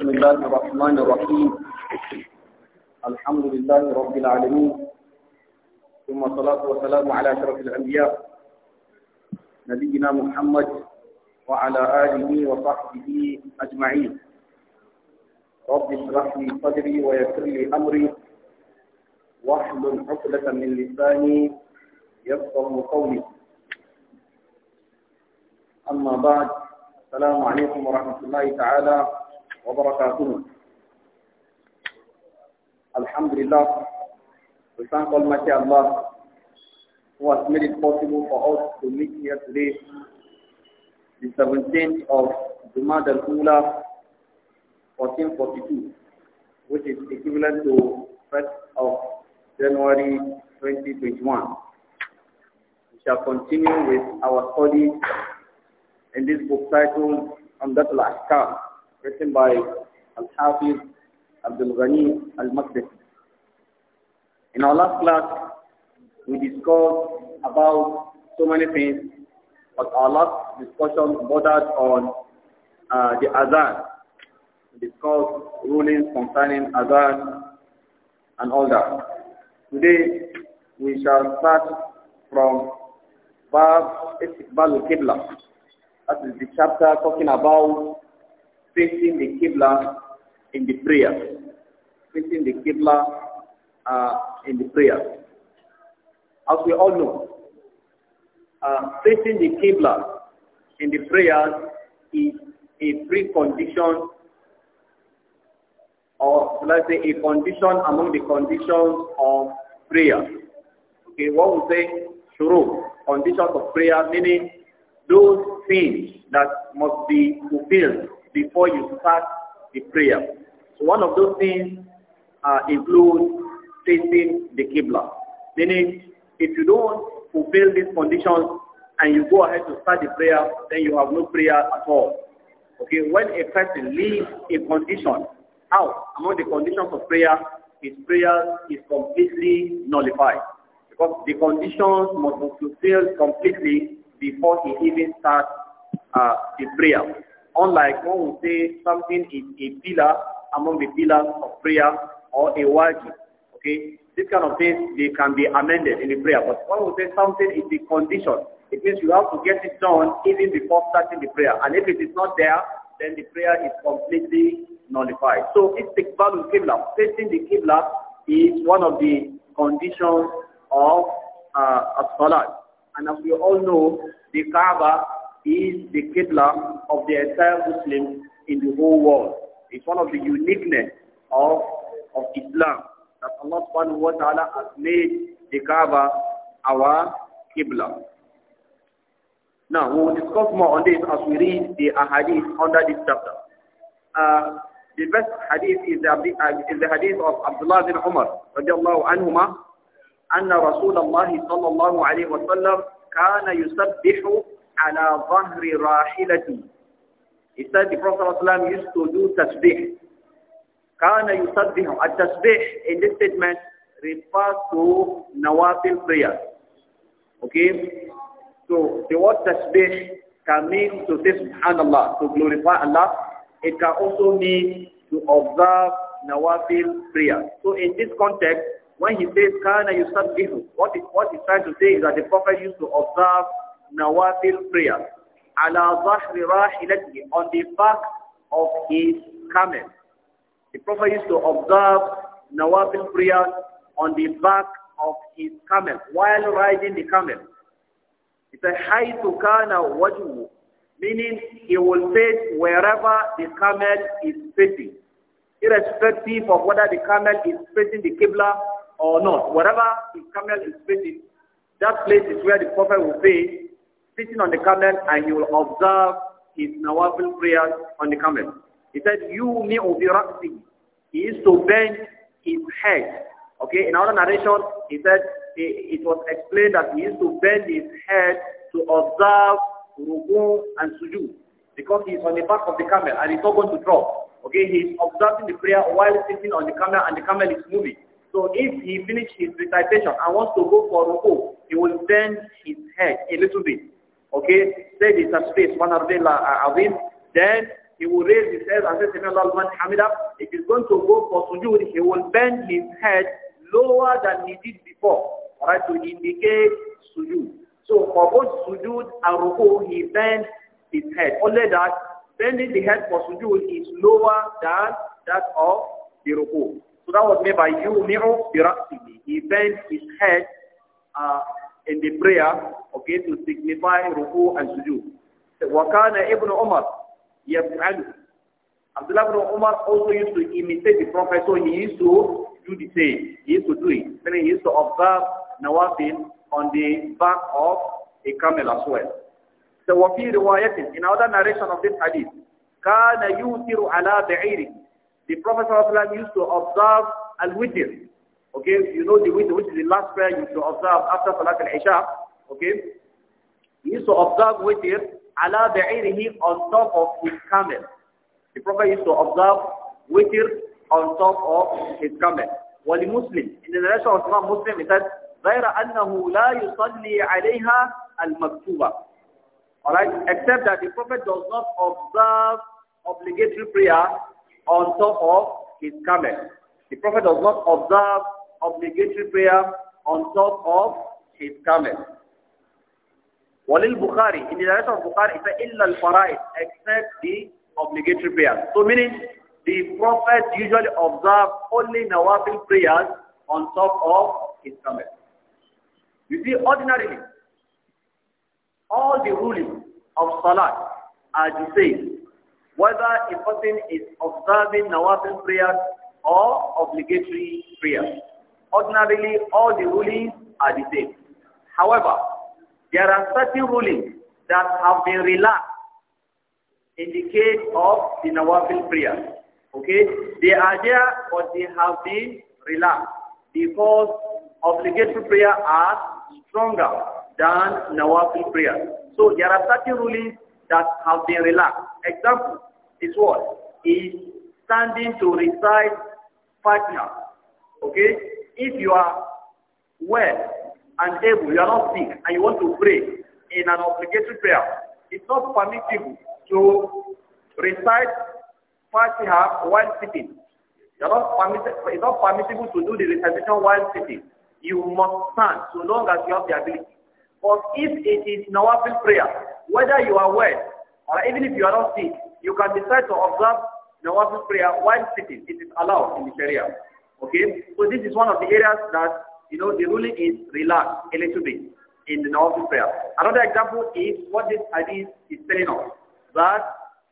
بسم الله الرحمن الرحيم الحمد لله رب العالمين ثم صلاة وسلام على شرف الأنبياء نبينا محمد وعلى آله وصحبه أجمعين رب اشرح لي صدري ويسر لي أمري واحلل عقدة من لساني يفقه قولي أما بعد السلام عليكم ورحمة الله تعالى وبركاته Alhamdulillah, we thank Almighty Allah who has made it possible for us to meet here today, the 17th of Jumad al-Ula, 1442, which is equivalent to 1st of January 2021. We shall continue with our study in this book titled Amdat ahkam written by Al-Hafiz Abdul Ghani Al-Maqdisi. In our last class, we discussed about so many things, but our last discussion bordered on uh, the Azan. We discussed rulings concerning Azan and all that. Today, we shall start from Bab Istiqbal al-Qibla. That is the chapter talking about facing the Qibla in the prayer. Facing the Qibla uh, in the prayer. As we all know, uh, facing the Qibla in the prayer is a precondition or let's say a condition among the conditions of prayer. Okay, what we say shuru, conditions of prayer, meaning those things that must be fulfilled before you start the prayer. So one of those things uh, includes facing the Qibla. Meaning, if you don't fulfill these conditions and you go ahead to start the prayer, then you have no prayer at all. Okay, when a person leaves a condition out among the conditions of prayer, his prayer is completely nullified. Because the conditions must be fulfilled completely before he even starts uh, the prayer. Unlike one would say something is a pillar among the pillars of prayer or a wajib. Okay? This kind of things, they can be amended in the prayer. But one would say something is the condition. It means you have to get it done even before starting the prayer. And if it is not there, then the prayer is completely nullified. So istiqbalul qibla, facing the qibla is one of the conditions of uh, of salat. And as we all know, the Kaaba is the Qibla of the entire Muslims in the whole world. It's one of the uniqueness of, of Islam that Allah subhanahu wa ta'ala has made the Kaaba our Qibla. Now, we will discuss more on this as we read the hadith under this chapter. Uh, the best hadith is the, uh, is the hadith of Abdullah bin Umar radiallahu anhuma أن رسول الله صلى الله عليه وسلم كان يسبح على ظهر راحلتي. He said the Prophet ﷺ used to do tasbih. كان yusabbihu. At-tasbih in this statement refers to nawafil prayer. Okay? So the word tasbih can mean to say subhanallah, to glorify Allah. It can also mean to observe nawafil prayer. So in this context, when he says kana yusabbihu, what is what he's trying to say is that the Prophet used to observe nawafil prayer ala on the back of his camel. The Prophet used to observe nawafil prayer on the back of his camel while riding the camel. It's a haytu kana wajhu, meaning he will face wherever the camel is facing, irrespective of whether the camel is facing the Qibla or not. Wherever the camel is facing, that place is where the Prophet will face sitting on the camel and he will observe his nawafil prayers on the camel. He said, you me ubiraqsi. He used to bend his head. Okay, in our narration, he said, it was explained that he used to bend his head to observe ruku and sujood because he is on the back of the camel and it's not going to drop. Okay, he is observing the prayer while sitting on the camel and the camel is moving. So if he finishes his recitation and wants to go for ruku, he will bend his head a little bit Okay, say the tasbih, uh, subhanallah azim, then he will raise his head and say, Sami Allah man hamida. If he's going to go for sujood, he will bend his head lower than he did before, right, to indicate sujood. So for both sujood and ruku, he bends his head. Only that, bending the head for sujood is lower than that of the ruku. So that was made by Yumi'u Biraqsihi. He bent his head uh, in the prayer, okay, to signify ruku and sujood. وَكَانَ Ibn Umar يَفْعَلُ Abdullah ibn Umar also used to imitate the Prophet, so he used to do the same. He used to do it. Then he used to observe nawafil on the back of a camel as well. So وَفِي رِوَايَةٍ In another narration of this hadith, كَانَ يُوتِرُ ala بَعِيرٍ The Prophet used to observe al-witr Okay, you know the witr, which is the last prayer you should observe after Salat al-Isha. Okay, you to observe witr ala ba'irihi on top of his camel. The Prophet used to observe witr on top of his camel. Muslim, in the narration of Imam Muslim it says غير أنه لا يصلي عليها المكتوبة alright except that the prophet does not observe obligatory prayer on top of his camel the prophet does not observe obligatory prayer on top of his camel. Walil Bukhari, in the narration of Bukhari, it's says, إِلَّا الْفَرَائِدْ except the obligatory prayers. So meaning, the Prophet usually observed only Nawafil prayers on top of his camel. You see, ordinarily, all the rulings of Salat are the same, whether a person is observing Nawafil prayers or obligatory prayers. Ordinarily, all the rulings are the same. However, there are certain rulings that have been relaxed in the case of the Nawafil prayer. Okay? They are there, but they have been relaxed because obligatory prayer are stronger than Nawafil prayer. So there are certain rulings that have been relaxed. Example is what? Is standing to recite Fatiha. Okay? If you are well and able, you are not sick, and you want to pray in an obligatory prayer, it's not permissible to recite Fatiha while sitting. You're not permitted, it's not permissible to do the recitation while sitting. You must stand so long as you have the ability. But if it is Nawafil prayer, whether you are well or even if you are not sick, you can decide to observe Nawafil prayer while sitting. It is allowed in the Sharia. Okay? So this is one of the areas that, you know, the ruling is relaxed a little bit in the Nawafil prayer. Another example is what this hadith is telling us, that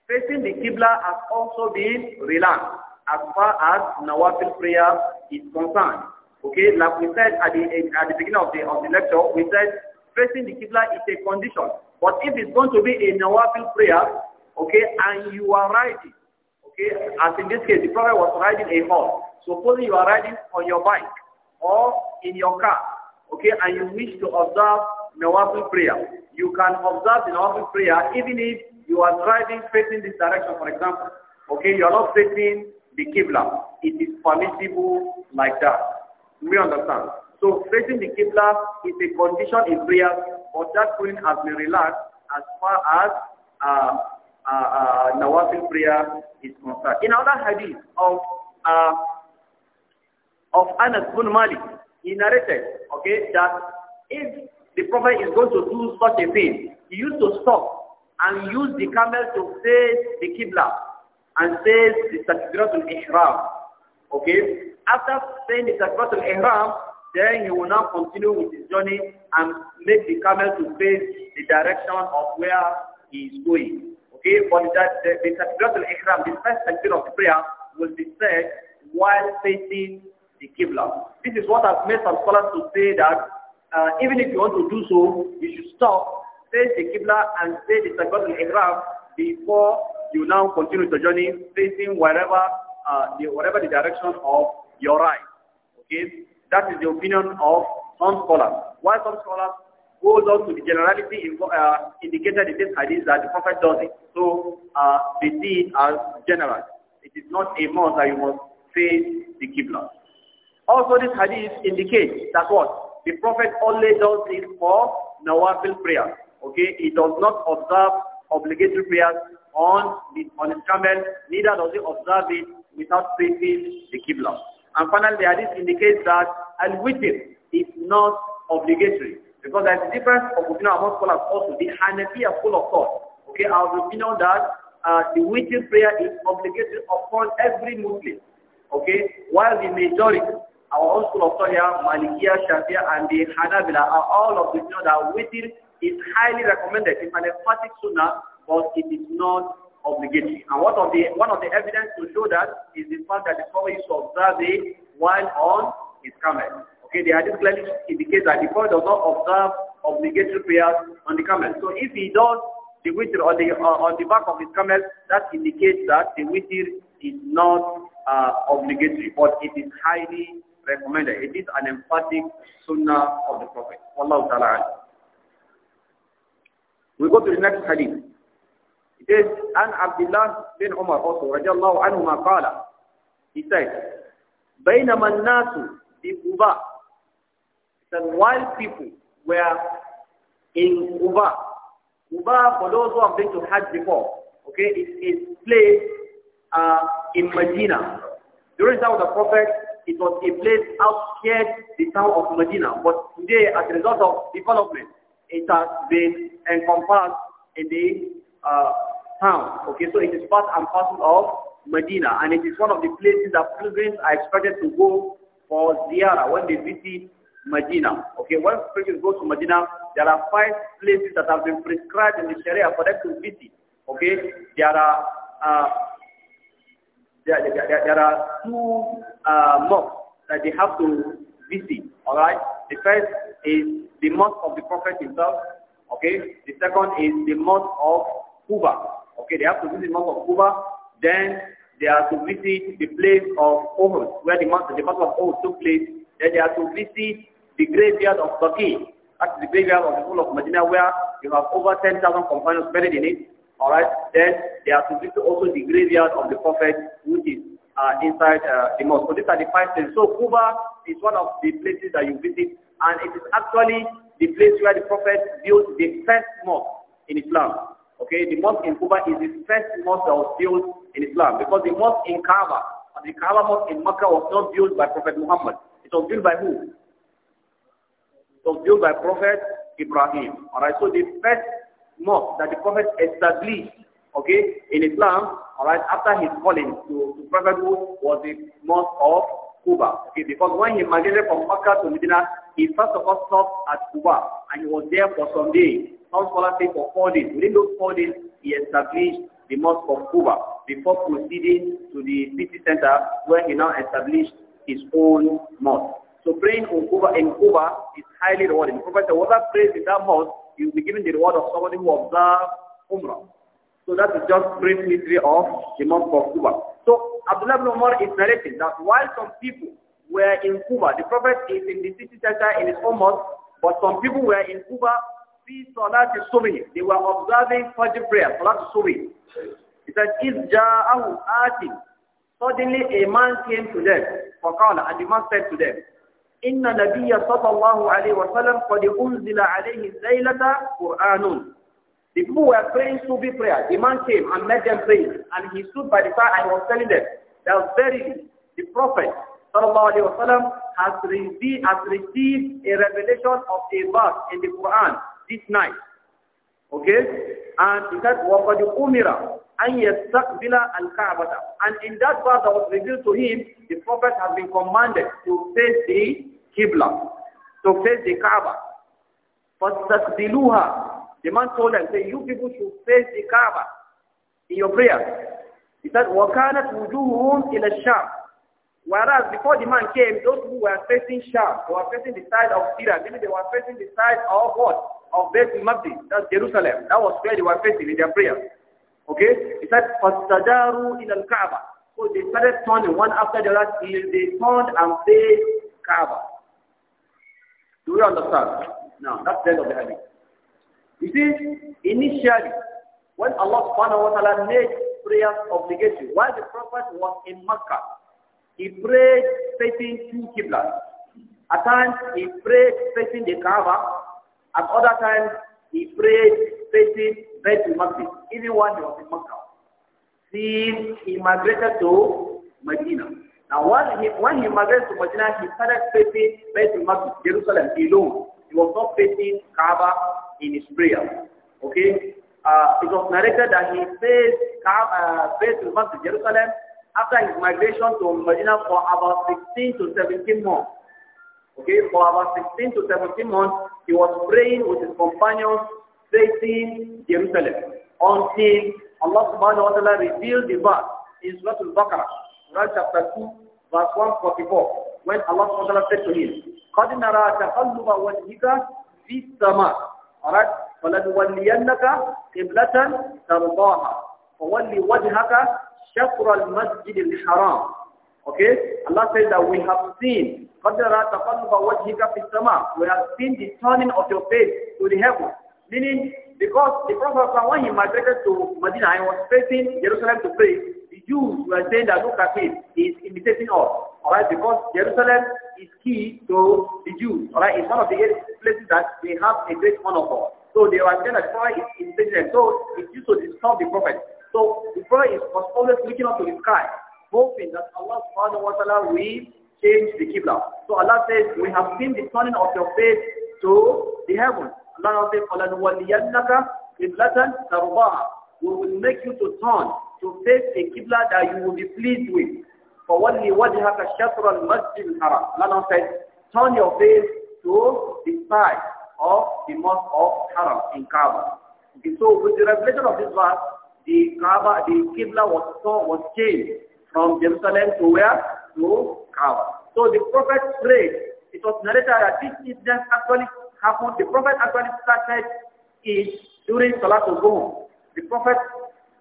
facing the Qibla has also been relaxed as far as Nawafil prayer is concerned. Okay, like we said at the, at the beginning of the, of the lecture, we said facing the Qibla is a condition. But if it's going to be a Nawafil prayer, okay, and you are right, Okay, as in this case, the Prophet was riding a horse. Suppose you are riding on your bike or in your car, okay, and you wish to observe Nawafil prayer. You can observe the Nawafil prayer even if you are driving facing this direction, for example. Okay, you are not facing the Qibla. It is permissible like that. We understand. So facing the Qibla is a condition in prayer, but that prayer has been relaxed as far as uh, uh, uh, Nawafil prayer is concerned. In other hadith of uh, of Anas bin Malik, he narrated, okay, that if the Prophet is going to do such a thing, he used to stop and use the camel to face the Qibla and says the to Ihram. Okay? After saying the to Ihram, then he will now continue with his journey and make the camel to face the direction of where he is going the, the Takbiratul the first takbir of prayer, will be said while facing the Qibla. This is what has made some scholars to say that uh, even if you want to do so, you should stop, face the Qibla and say the Takbiratul Ihram before you now continue the journey facing wherever, uh, the, whatever the direction of your right. Okay? That is the opinion of some scholars. Why some scholars goes on to the generality uh, indicated in this hadith that the Prophet does it. So uh, see deed as general. It is not a must that you must face the Qibla. Also this hadith indicates that what? The Prophet only does this for Nawafil prayer. Okay? He does not observe obligatory prayers on, the, on his camel, neither does he observe it without facing the Qibla. And finally, the hadith indicates that al-witr is not obligatory. Because there's a difference of opinion among scholars also. The Hanafi are full of thought. Okay, our opinion that uh, the witr prayer is obligatory upon every Muslim. Okay, while the majority, our own school of thought here, Malikiya, Shafiya, and the Hanabila are all of the you that witr is highly recommended. It's an emphatic sunnah, but it is not obligatory. And one of the one of the evidence to show that is the fact that the Prophet used to observe it while on his camel. Okay, the hadith clearly indicates that the Prophet does not observe obligatory prayers on the camel. So if he does the witr on the, uh, on the back of his camel, that indicates that the witr is not uh, obligatory, but it is highly recommended. It is an emphatic sunnah of the Prophet. ta'ala. We go to the next hadith. It says, An Abdullah bin Umar also, radiallahu anhuma qala. He said, بينما الناس بقباء that while people were in Uba, Uba, for those who have been to Hajj before, okay, it is a place uh, in Medina. During the time of the Prophet, it was a place outside the town of Medina. But today, as a result of development, it has been encompassed in the uh, town. Okay, so it is part and parcel of Medina, and it is one of the places that pilgrims are expected to go for ziyarah when they visit Medina. Okay, once people go to Medina, there are five places that have been prescribed in the Sharia for them to visit. Okay, there are uh, there, there, there, are two uh, mosques that they have to visit. All right, the first is the mosque of the Prophet himself. Okay, the second is the mosque of Cuba. Okay, they have to visit the mosque of Cuba. Then they are to visit the place of Uhud, where the mosque, the mosque of Uhud took place. Then they are to visit the graveyard of Turkey, That's the graveyard of the people of Medina where you have over 10,000 companions buried in it. Alright, then they are to visit also the graveyard of the Prophet which is uh, inside uh, the mosque. So these are the five things. So Kuba is one of the places that you visit and it is actually the place where the Prophet built the first mosque in Islam. Okay, the mosque in Kuba is the first mosque that was built in Islam because the mosque in Kaaba, the Kaaba mosque in Mecca was not built by Prophet Muhammad. It was built by who? was built by Prophet Ibrahim. Alright, so the first mosque that the Prophet established, okay, in Islam, alright, after his calling to, to prophethood was the mosque of Kuba. Okay, because when he migrated from Makkah to Medina, he first of all stopped at Kuba and he was there for some days. Some scholars say for four days. Within those four days, he established the mosque of Kuba before proceeding to the city center where he now established his own mosque. So praying in Cuba in is highly rewarding. Prophet said, whoever prays in that mosque, you will be given the reward of somebody who observes Umrah. So that is just brief history of the month of Cuba. So Abdullah ibn Umar is narrating that while some people were in Cuba, the Prophet is in the city center in his home mosque, but some people were in Kuba, see Salat Subhi. They were observing Fajr prayer, Salat Subhi. He said, If Ja'ahu Atin, suddenly a man came to them, Faqala, and the man said to them, إن نبي صلى الله عليه وسلم قد أنزل عليه قرآن The people were praying Sufi prayer. The man came and met them praying. And he stood by the fire and was telling them, that verily the Prophet وسلم, has, received, has received a revelation of a verse in the Quran this night. Okay? And it says, umira أُمِرَ أَنْ يَسْتَقْبِلَ الْكَعْبَةَ And in that part that was revealed to him, the prophet has been commanded to face the Qibla, to face the Kaaba. فَاسْتَقْبِلُوهَا The man told them, say, you people should face the Kaaba in your prayer. He said, وَكَانَتْ وُجُوهُهُمْ إِلَى الشَّامِ Whereas before the man came, those who were facing Sham, who were facing the side of Syria, meaning they were facing the side of what? Of Beit that's Jerusalem. That was where they were facing in their prayer. Okay? It said, in al الْكَعْبَةِ So they started turning one after the other till they turned and faced Kaaba. Do you understand? Now, that's the end of the hadith. You see, initially, when Allah subhanahu wa ta'ala made prayers obligatory, while the Prophet was in Makkah, he prayed facing two Qiblas. At times he prayed facing the Kaaba. At other times he prayed facing Baitul Maqdis, even when he was in Makkah. Since he migrated to Medina. Now when he, when he migrated to Medina, he started facing Baitul Maqdis, Jerusalem alone. He was not facing Kaaba in his prayer. Okay? Uh, it was narrated that he faced Kaaba, uh, Baitul Maqdis, Jerusalem, after his migration to Medina for about 16 to 17 months. Okay, for about 16 to 17 months, he was praying with his companions, facing Jerusalem, until Allah subhanahu wa ta'ala revealed the verse in Surah Al-Baqarah, Surah chapter 2, verse 144, when Allah subhanahu wa ta'ala said to him, قَدْ نَرَى تَقَلُّبَ وَجْهِكَ فِي السَّمَاءِ Alright, فَلَنُوَلِّيَنَّكَ قِبْلَةً تَرْضَاهَا فَوَلِّ وَجْهَكَ شطر المسجد الحرام Okay? Allah says that we have seen قَدْرَا تَقَلُّبَ وَجْهِكَ فِي السَّمَاء We have seen the turning of your face to the heaven. Meaning, because the Prophet when he migrated to Medina and was facing Jerusalem to pray, the Jews were saying that look at him, he is imitating us. Alright, because Jerusalem is key to the Jews. Alright, it's one of the places that they have a great honor for. So they were saying that the Prophet is imitating them. So it used to disturb the Prophet. So the prayer was always looking up to the sky, hoping that Allah subhanahu wa ta'ala will change the Qibla. So Allah says, we have seen the turning of your face to the heaven. Allah says, فَلَنُوَلِّيَنَّكَ We will make you to turn, to face a Qibla that you will be pleased with. فَوَلِّ وَجْهَكَ شَطْرَ الْمَسْجِدِ Haram. Allah says, turn your face to the side of the mosque of Haram in Kaaba. Okay, so with the revelation of this verse, the Kaaba, the Qibla was, was changed from Jerusalem to where? To Kaaba. So the Prophet prayed. It was narrated that this incident actually happened. The Prophet actually started it during Salatul Zuhur. The Prophet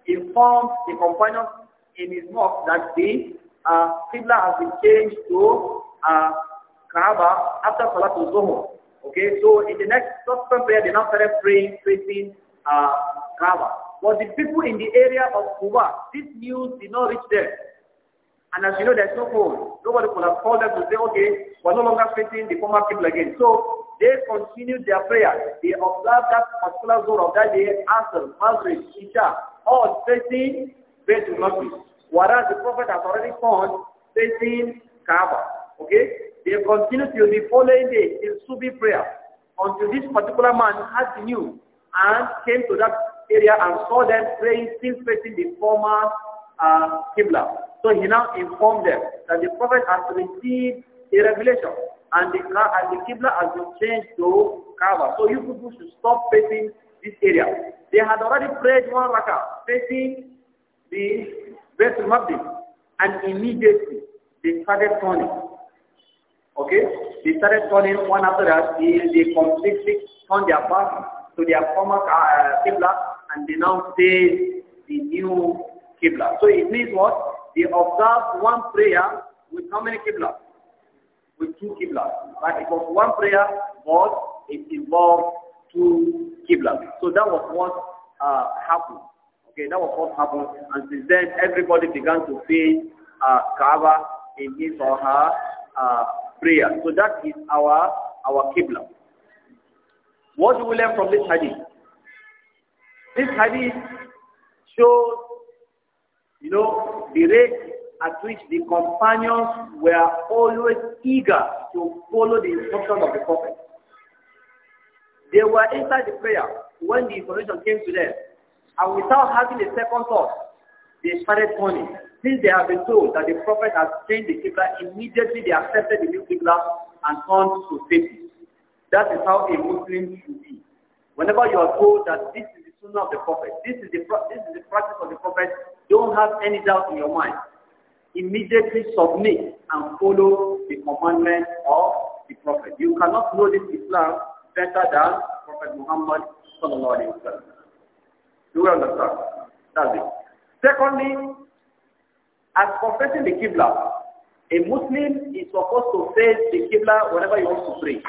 informed the companions in his mosque that the uh, Qibla has been changed to uh, Kaaba after Salatul Zuhur. Okay, so in the next subsequent prayer, they now started praying, facing uh, Kaaba. But the people in the area of Kuba, this news did not reach them. And as you know, there's no phone. Nobody could have called them to say, okay, we're no longer facing the former people again. So they continued their prayer. They observed that particular zone of that day, Asr, Maghrib, Isha, all facing Baitul Maqdis. Whereas the Prophet has already gone facing Kaaba. Okay? They continued till the following day in Subi prayer until this particular man had the news and came to that area and saw them praying still facing the former uh, Qibla. So he now informed them that the Prophet has received a revelation and the, and the Qibla has been changed to Kaaba. So you people should stop facing this area. They had already prayed one raka facing the Beit Maqdis and immediately they started turning. Okay? They started turning one after that. They, they completely turned their back to their former uh, Qibla and they now say the new Qibla. So it means what? They observe one prayer with how many Qibla? With two Qibla. Right? It was one prayer, but it involved two Qibla. So that was what uh, happened. Okay, that was what happened. And since then, everybody began to pay uh, Kaaba in his or her uh, prayer. So that is our our Qibla. What do we learn from this hadith? This hadith shows, you know, the rate at which the companions were always eager to follow the instruction of the prophet. They were inside the prayer when the information came to them, and without having a second thought, they started turning. Since they have been told that the prophet has changed the Qibla, immediately they accepted the new Qibla and turned to faith. That is how a Muslim should be. Whenever you are told that this is sunnah of the Prophet. This is the, this is the practice of the Prophet. Don't have any doubt in your mind. Immediately submit and follow the commandment of the Prophet. You cannot know this Islam better than Prophet Muhammad sallallahu alayhi wa Do you understand? That's it. Secondly, as confessing the Qibla, a Muslim is supposed to face the Qibla whenever he wants to pray.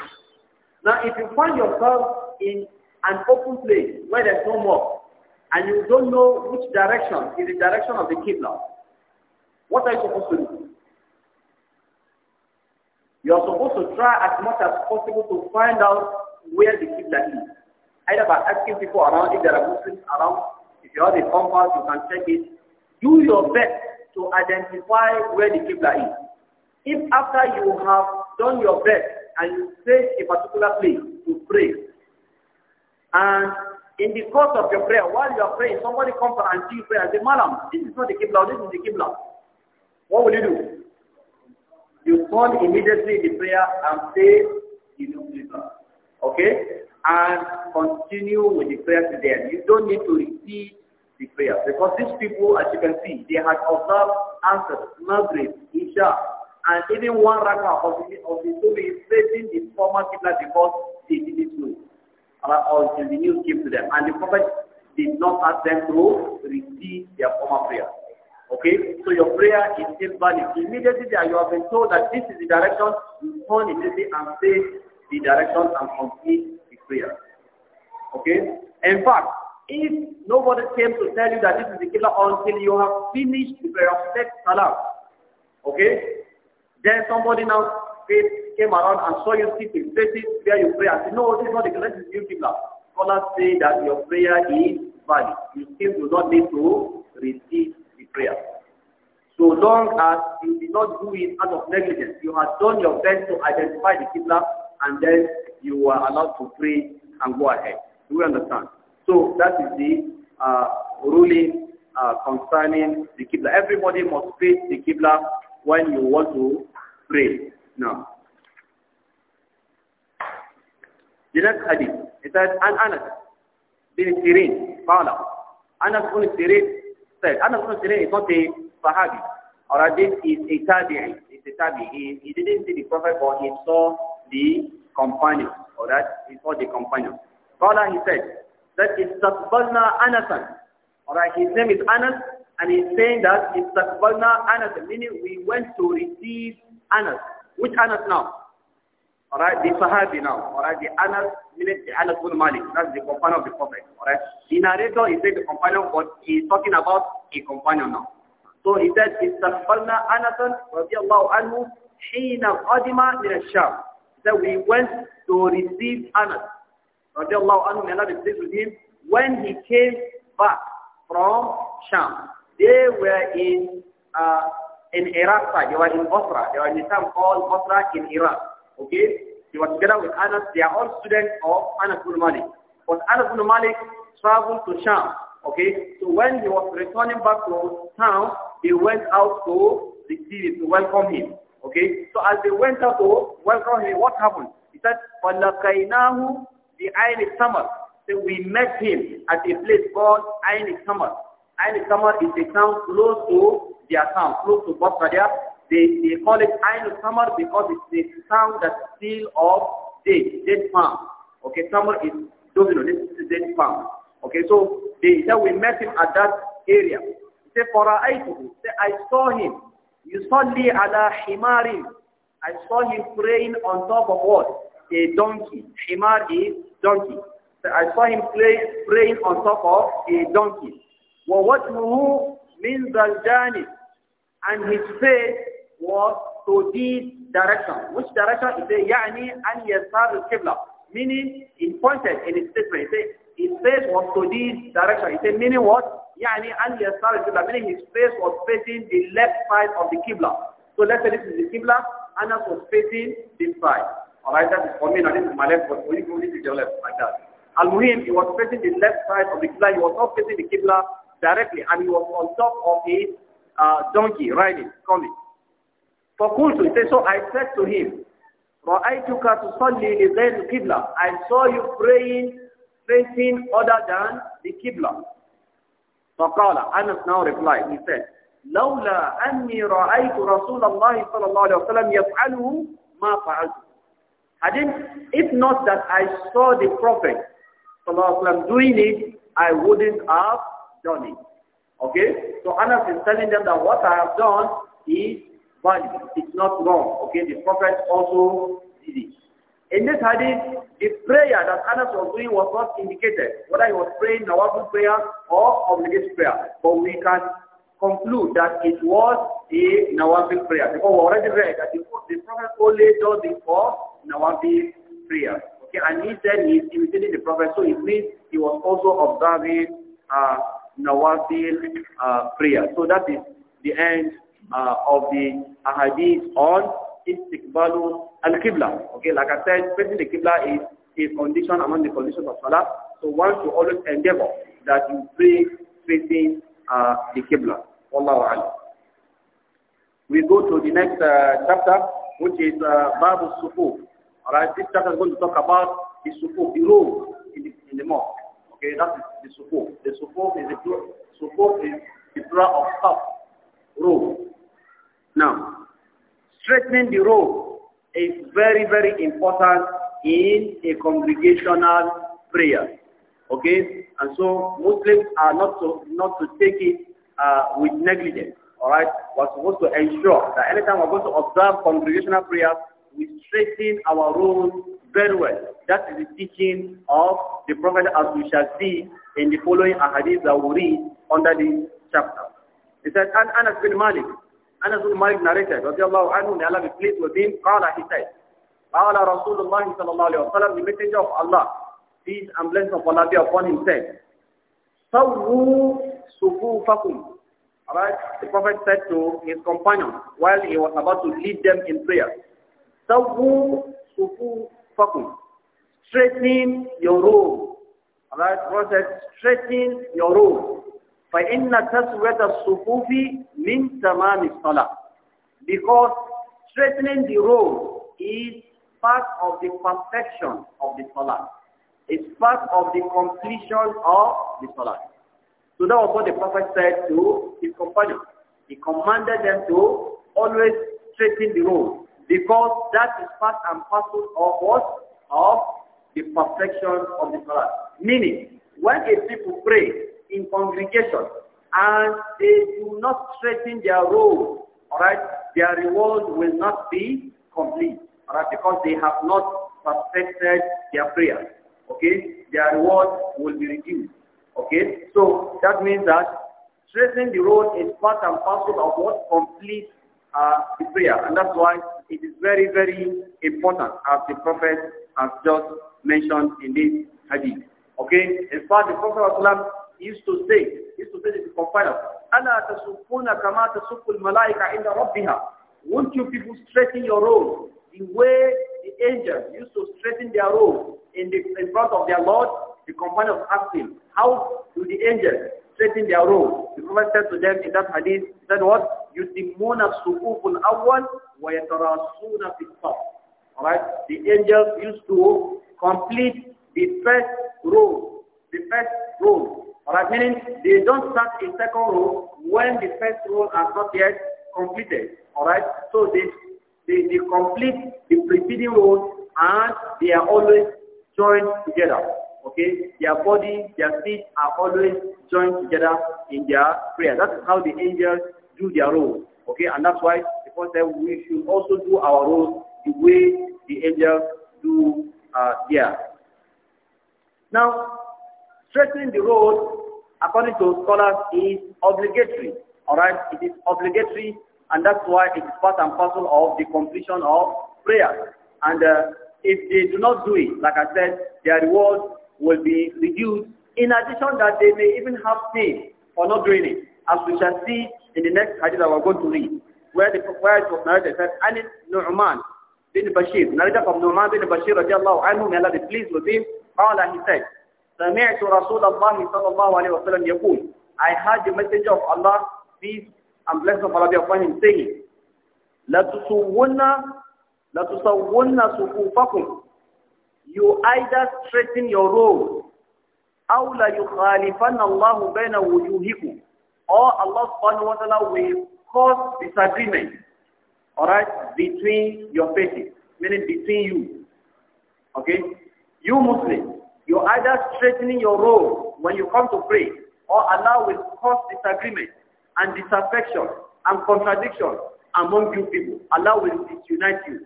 Now, if you find yourself in an open place where there's no more, and you don't know which direction is the direction of the kidnap, what are you supposed to do? You are supposed to try as much as possible to find out where the kidnap is. Either by asking people around, if there are Muslims around, if you have a compass, you can check it. Do your best to identify where the Qibla is. If after you have done your best and you say a particular place to pray, and in the course of your prayer, while you are praying, somebody comes and see you pray and say, Madam, this is not the Qibla, this is the Qibla. What will you do? You turn immediately the prayer and say the new Qibla. Okay? And continue with the prayer to the end. You don't need to repeat the prayer. Because these people, as you can see, they had observed answers, Maghrib, Isha, and even one rakah of the, of the Subi is facing the former Qibla because they did it well. Uh, or the news came to them. And the prophet did not ask them to receive their former prayer. Okay? So your prayer is still valid. Immediately there you have been told that this is the direction, you turn immediately and say the direction and complete the prayer. Okay? In fact, if nobody came to tell you that this is the killer until you have finished the prayer of salah, okay? Then somebody now says, came around and saw you sitting places where you pray and said, no, this is not the correct view Qibla. Scholars say that your prayer is valid. You still do not need to repeat the prayer. So long as you did not do it out of negligence, you had done your best to identify the Qibla and then you were allowed to pray and go ahead. Do you understand? So that is the uh, ruling uh, concerning the Qibla. Everybody must face the Qibla when you want to pray. Now. The next hadith, it said, An Anas bin Sirin, Qala. Anas bin Sirin said, Anas bin Sirin is not a Sahabi, or is a Tabi'i. It's a Tabi'i. He, he didn't see the Prophet, but he saw the companion. or that he saw the companion. Qala, he said, that is Taqbalna Anasan. Alright, his name is Anas, and he's saying that it's Taqbalna Anas, meaning we went to receive Anas. Which Anas now? Alright, the Sahabi now. Alright, the Anas, meaning the Anas bin Malik. That's the companion of the Prophet. Alright. The narrator is saying the companion, but he's talking about a companion now. So he said, استقبلنا أنسا رضي الله عنه حين قدم من Sham.' So we went to receive Anas رضي الله عنه, may Allah be with him, when he came back from Sham. They were in, uh, in Iraq They were in Basra. They were in a town called Basra in Iraq. Okay? He was together with Anas. They are all students of Anas bin Malik. But Anas bin Malik traveled to Sham. Okay? So when he was returning back to town, he went out to the city to welcome him. Okay? So as they went out to welcome him, what happened? He said, فَلَقَيْنَاهُ بِعَيْنِ السَّمَرِ So we met him at a place called Ain Samar. Samar is a town close to their town, close to Basra, they, they call it Ainu Samar because it's the sound that still of date, date palm. Okay, Samar is know this is date palm. Okay, so they said we met him at that area. He said, For say, I saw him. You saw Yusalli ala himarin. I saw him praying on top of what? A donkey. Himar is donkey. So I saw him play, praying on top of a donkey. means the journey, And his face was to this direction. Which direction? It says, يعني أن يسار القبلة. Meaning, it pointed in its statement. It says, his face was to this direction. It said, meaning what? يعني أن يسار القبلة. Meaning his face was facing the left side of the Qibla. So let's say this is the Qibla. Anas was facing this side. Alright, that is for me. Now this is my left, but we move it to the left like that. Al-Muhim, he was facing the left side of the Qibla. He was not facing the Qibla directly. And he was on top of his uh, donkey riding, coming. فَقُلْتُ He said, so I said to him, رَأَيْتُكَ تُصَلِّي لِغَيْرِ الْقِبْلَةِ I saw you praying, facing other than the Qibla. فَقَالَ Anas now replied, he said, لولا أني رأيت رسول الله صلى الله عليه وسلم يفعله ما فعلت I didn't, if not that I saw the Prophet صلى الله عليه وسلم doing it, I wouldn't have done it. Okay? So Anas is telling them that what I have done is but it's not wrong. Okay, the Prophet also did it. In this hadith, the prayer that Anas was doing was not indicated, whether he was praying nawawi prayer or obligatory prayer. But we can conclude that it was a nawawi prayer. Because we already read that the, Prophet only does the nawawi prayer. Okay, and he said he's imitating the Prophet, so it means he was also observing uh, uh, prayer. So that is the end uh, of the ahadith on istiqbalu al-qibla. Okay, like I said, facing the qibla is a condition among the conditions of salah. So one should always endeavor that you pray facing uh, the qibla. Wallahu alam. We go to the next uh, chapter, which is uh, Bab Alright, this chapter is going to talk about the Sufu the in the, in the mosque. Okay, that is the Sufu. The Sufu is the plural. is the of saf, road. Now, straightening the rope is very, very important in a congregational prayer. Okay? And so Muslims are not to, not to take it uh, with negligence. Alright? We're supposed to ensure that anytime we're going to observe congregational prayer, we straighten our roles very well. That is the teaching of the Prophet as we shall see in the following ahadith that we read under this chapter. He said, and Anas bin Malik, Anas bin Malik narrated, radiallahu anhu, may Allah be pleased with him, qala, he said, qala Rasulullah sallallahu alayhi wa sallam, the messenger of Allah, peace and blessings of Allah be upon him, said, Sawu sufufakum. Alright, the Prophet said to his companion while he was about to lead them in prayer, Sawu sufufakum. Straighten your robe. Alright, Prophet said, straighten your robe. فَإِنَّ تَسْوَةَ الصُّفُوفِ مِنْ تَمَامِ الصَّلَةِ Because straightening the road is part of the perfection of the salah. It's part of the completion of the salah. So that was what the Prophet said to his companions. He commanded them to always straighten the road because that is part and parcel of what? Of the perfection of the salah. Meaning, when a people pray, in congregation and they do not straighten their role, alright, their reward will not be complete, alright, because they have not perfected their prayer, okay, their reward will be reduced, okay, so that means that straighten the road is part and parcel of what completes uh, the prayer, and that's why it is very, very important as the Prophet has just mentioned in this hadith. Okay, in fact, the Prophet used to say, used to say to the compiler, أَلَا تَسُفُّونَ كَمَا تَسُفُّ الْمَلَائِكَ عِنْدَ رَبِّهَا Won't you people straighten your robe the way the angels used to straighten their robe in, the, in front of their Lord? The companion of asking, how do the angels straighten their robe? The Prophet said to them in that hadith, said what? يُتِمُّونَ الصُّفُوفُ الْأَوَّلِ وَيَتَرَاسُونَ فِي الصَّفْ Alright, the angels used to complete the first robe, the first robe Alright, meaning they don't start a second row when the first row has not yet completed. Alright, so they, they, they complete the preceding row and they are always joined together. Okay, their body, their feet are always joined together in their prayer. That's how the angels do their role. Okay, and that's why the first time we should also do our role the way the angels do uh, Now, strengthening the role according to scholars, is obligatory. Alright, it is obligatory and that's why it is part and parcel of the completion of prayer. And uh, if they do not do it, like I said, their reward will be reduced. In addition that they may even have sin for not doing it, as we shall see in the next hadith that we are going to read, where, the, where it was narrated, that Anis Nu'man bin Bashir, narrated from Nu'man bin Bashir, radiallahu anhu, may Allah be pleased with him, Allah, he said, سمعت رسول الله صلى الله عليه وسلم يقول I heard the messenger of Allah peace and blessings of Allah be upon him saying لَتُسَوُّنَّ لَتُسَوُّنَّ صُفُوفَكُمْ You either straighten your robe أَوْ لَيُخَالِفَنَّ اللَّهُ بَيْنَ وُجُوهِكُمْ Or Allah subhanahu wa ta'ala will cause disagreement alright between your faces meaning between you okay you Muslims you're either straightening your role when you come to pray, or Allah will cause disagreement and disaffection and contradiction among you people. Allah will disunite you.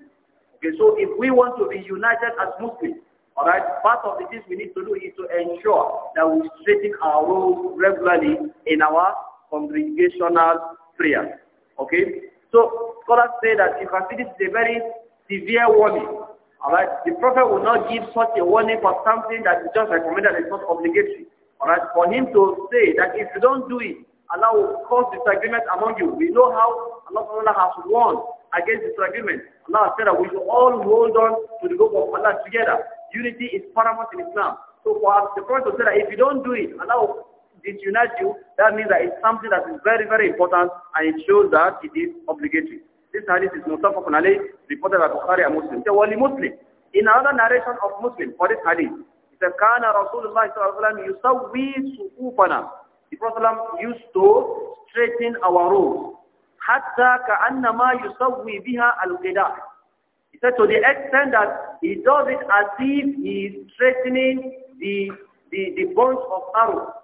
Okay, so if we want to be united as Muslims, all right, part of the things we need to do is to ensure that we straighten our role regularly in our congregational prayer. Okay, so scholars say that you can see this is a very severe warning Alright? The Prophet will not give such a warning for something that is just recommended and it's not obligatory. Alright? For him to say that if you don't do it, Allah will cause disagreement among you. We know how Allah has warned against disagreement. Allah said that we should all hold on to the rope of Allah together. Unity is paramount in Islam. So for us, the Prophet say that if you don't do it, Allah will disunite you. That means that it's something that is very, very important and it shows that it is obligatory. This hadith is Mustafa Ali, reported by Bukhari and Muslim. So, wali Muslim. In another narration of Muslim for this hadith, he said, Kana Rasulullah sallallahu alayhi wa sallam The Prophet used to straighten our rows. Hatta ka'annama yusawwi biha al-qidah. He said to the extent that he does it as if he is straightening the, the, the bones of arrow.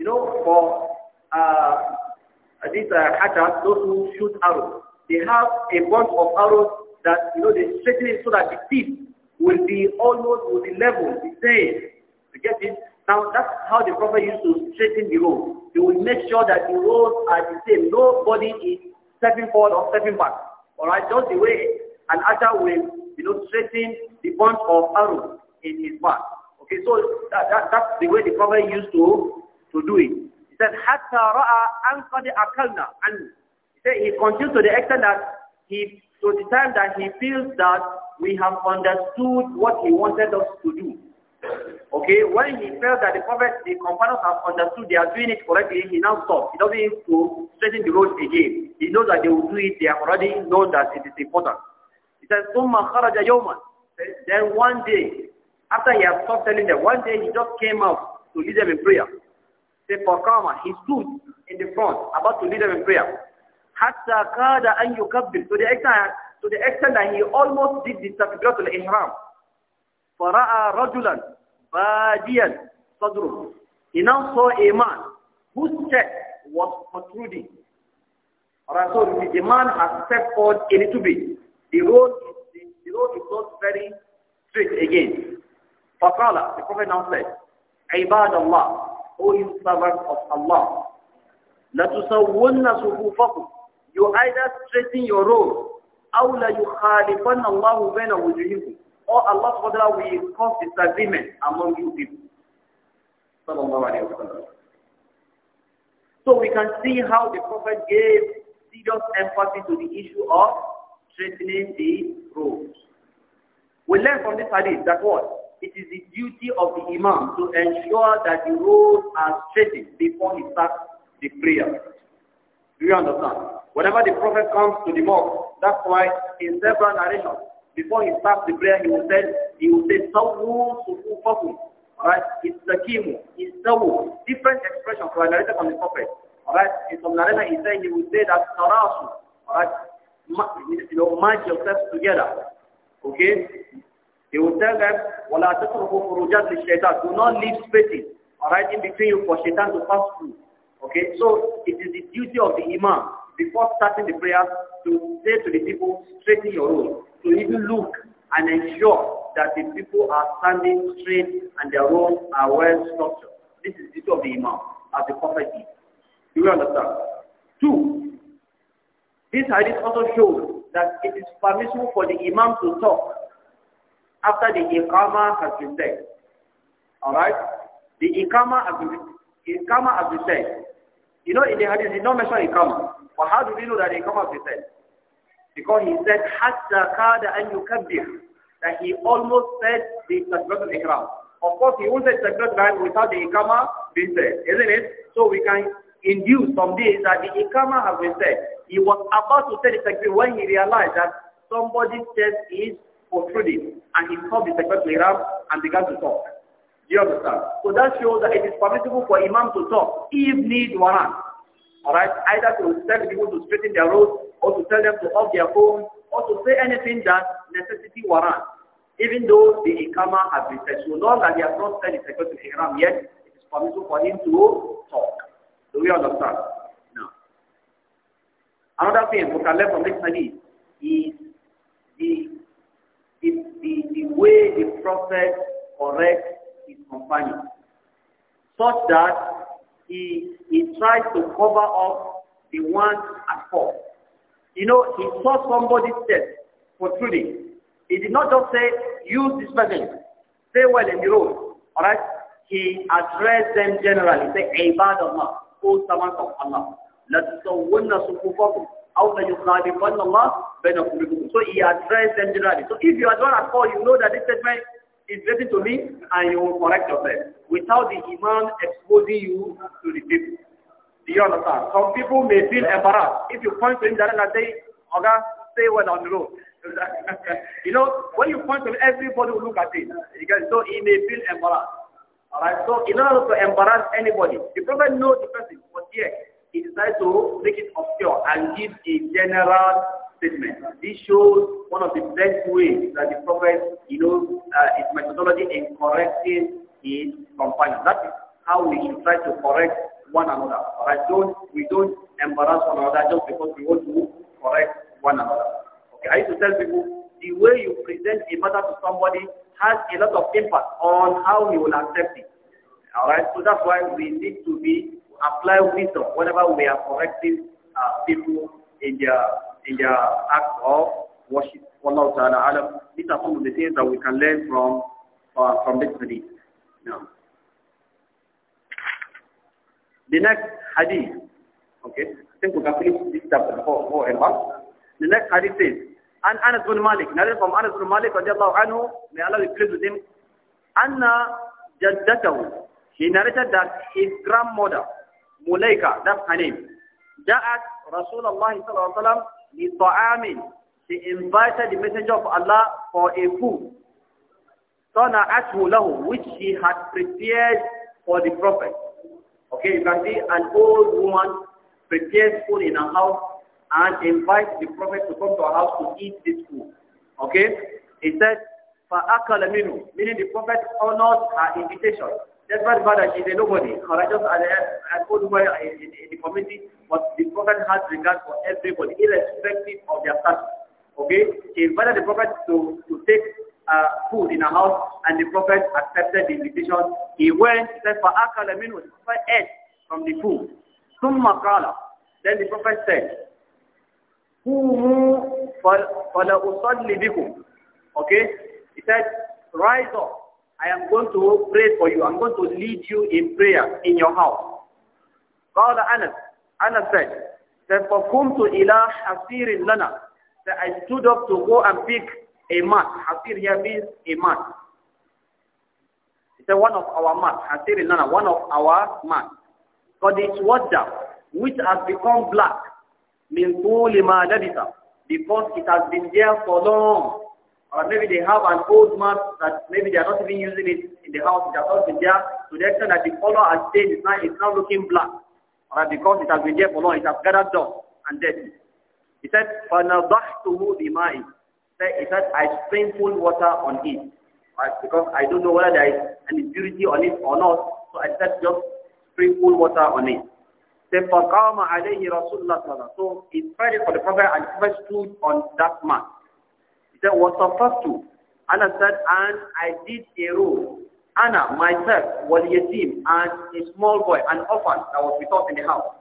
You know, for uh, these uh, hatters, those who shoot arrows, they have a bunch of arrows that, you know, they straighten it so that the tip will be almost with the level, the same. You get it? Now that's how the Prophet used to straighten the road. He will make sure that the roads are the same. Nobody is stepping forward or stepping back. Alright, just the way an actor will, you know, straighten the bunch of arrows in his back. Okay, so that, that, that's the way the Prophet used to, to do it said, Hatta ra'a an akalna. And he said, he continued to the extent that he, to the time that he feels that we have understood what he wanted us to do. Okay, when he felt that the prophet, the companions have understood they are doing it correctly, he now stops. He doesn't need to straighten the road again. He knows that they will do it. They have already know that it is important. He says, "Summa خَرَجَ يَوْمًا Then one day, after he has stopped telling them, one day he just came out to lead them in prayer. Say, Fakama, he stood in the front, about to lead them in prayer. Hatta kada an yukabbir. To the extent, to the extent that he almost did the takbirat al-ihram. Fara'a rajulan badiyan sadruhu. He now saw a man whose chest was protruding. Alright, so the man has stepped forward a little bit. The road is, the, the road is not very straight again. Fakala, the Prophet now said, Ibad Allah, who is you servants of Allah, لَتُسَوُّنَّ صُفُوفَكُمْ You either straighten your road, أَوْ لَيُخَالِفَنَّ اللَّهُ بَيْنَ وُجُهِكُمْ Or Allah subhanahu will cause disagreement among you people. So we can see how the Prophet gave serious emphasis to the issue of straightening the roads. We learn from this hadith that what? it is the duty of the imam to ensure that the roads are straightened before he starts the prayer. Do you understand? Whenever the prophet comes to the mosque, that's why in several narrations, before he starts the prayer, he will say, he will say, Sawu sufufakum. Alright? It's the Sakimu. It's Sawu. Different expressions a narrator from the prophet. Alright? In some narrator he said he would say that Sarasu. Alright? You know, match yourself together. Okay? He will tell them, وَلَا تَتْرُكُوا فُرُوجَاتِ الشَّيْطَانِ Do not leave spaces, alright, in between you for shaitan to pass through. Okay, so it is the duty of the imam, before starting the prayer, to say to the people, straighten your road. To even look and ensure that the people are standing straight and their roads are well structured. This is the duty of the imam, as the prophet did. Do you understand? Two, this hadith also shows that it is permissible for the imam to talk after the ikama has been said. Alright? The ikama has been, ikama has been said. You know, in the hadith, he did not mention ikama. But how do we know that ikama has been said? Because he said, حَتَّى كَادَ أَنْ يُكَبِّرُ That he almost said the Takbiratul ikram. Of course, he won't say Takbiratul without the ikama being said, isn't it? So we can induce from this that the ikama has been said. He was about to say the Takbir when he realized that somebody's chest is protrude it, and he called the second Miram and began to talk. Do you understand? So that shows that it is permissible for Imam to talk if need warrant. Alright? Either to tell people to straighten their roads, or to tell them to off their phones, or to say anything that necessity warrant. Even though the Ikama has been said, so long that he has not said the second Miram yet, it is permissible for him to talk. Do we understand? Now, another thing we can learn from this hadith is the the, the way the prophet corrects his companion, such that he, he tries to cover up the one at fault. You know, he saw somebody's step protruding. He did not just say, use this person, stay well in the road. All right? He addressed them generally. Say, said, Ibad Allah, O servants of Allah, لَتَسَوُّنَّ صُفُفَكُمْ so he addressed them generally so if you are not at all you know that this statement is written to me and you will correct yourself without the imam exposing you to the people do you understand some people may feel embarrassed if you point to him directly and say oga stay well on the road you know when you point to him everybody will look at him so he may feel embarrassed all right so in order to embarrass anybody the prophet knows the person but here he decides to make it obscure and give a general statement. This shows one of the best ways that the prophet, you know, uh, his methodology in correcting his companions. That is how we should try to correct one another. Alright, Don't we don't embarrass one another just because we want to correct one another. Okay, I used to tell people the way you present a matter to somebody has a lot of impact on how he will accept it. All right, so that's why we need to be apply wisdom whenever we are correcting uh, people in their in their act of worship. Wallahu ta'ala alam. These are some of the things that we can learn from uh, from this hadith. Now, the next hadith. Okay, I think we can finish this chapter before before embark. The next hadith says, "An Anas bin Malik, narrated from Anas bin Malik radiallahu anhu, may Allah be pleased with him, Anna jaddatahu, he narrated that his grandmother, Mulaika, that's her name. Ja'at Rasulullah sallallahu alaihi wasallam li ta'amin. She invited the messenger of Allah for a food. Sana'athu lahu, which she had prepared for the prophet. Okay, you can see an old woman prepares food in her house and invites the prophet to come to her house to eat this food. Okay? said, says, فَأَكَلَ مِنْهُ Meaning the prophet honored her invitation. That's why father, she is a nobody. Her righteous are an old woman in, in the community, but the prophet has regard for everybody, irrespective of their status. Okay? She invited the prophet to, to take uh, food in her house, and the prophet accepted the invitation. He went, said, فَأَكَلَ مِنْهُ The prophet ate from the food. ثُمَّ قَالَ Then the prophet said, قُومُوا فَلَأُصَلِّ بِكُمْ Okay? He said, rise up. I am going to pray for you. I'm going to lead you in prayer in your house. Called أنس Anas said, to فَقُمْتُ إِلَىٰ in لَنَا That I stood up to go and pick a mat. Hasir here means a mat. It's one of our mat. Hasir lana, one of our mat. But it's water which has become black. Min ma labisa. Because it has been there for long. Or maybe they have an old map that maybe they are not even using it in the house, it has not been there. To the extent that the color has changed, it's now, it's now looking black. Or because it has been there for long, it has gathered dust and dirt. He said, فَنَضَحْتُهُ بِمَاءِ He said, I sprinkle water on it. Right? Because I don't know whether there is an impurity on it or not. So I said, just sprinkle water on it. Then فَقَامَ عَلَيْهِ رَسُولُ اللَّهِ So he spread it for the Prophet and the Prophet stood on that mat said, وَصَفَّفْتُ Allah said, and I did a rule. Anna, myself, was a team, and a small boy, an orphan that was with us in the house.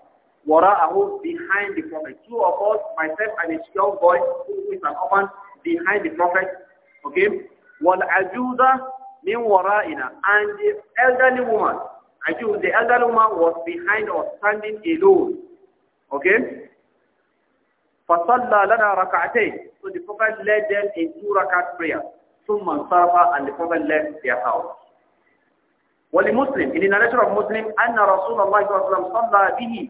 was behind the prophet. Two of us, myself and a small boy, who is an orphan, behind the prophet. Okay? Wal-ajuza min wara'ina. And the elderly woman, Ajuz, the elderly woman was behind us, standing alone. Okay? فصلى لنا ركعتين so the prophet led them in two rakat prayer ثم انصرف and the prophet left their house ولمسلم in the narration of Muslim أن رسول الله صلى الله عليه وسلم صلى به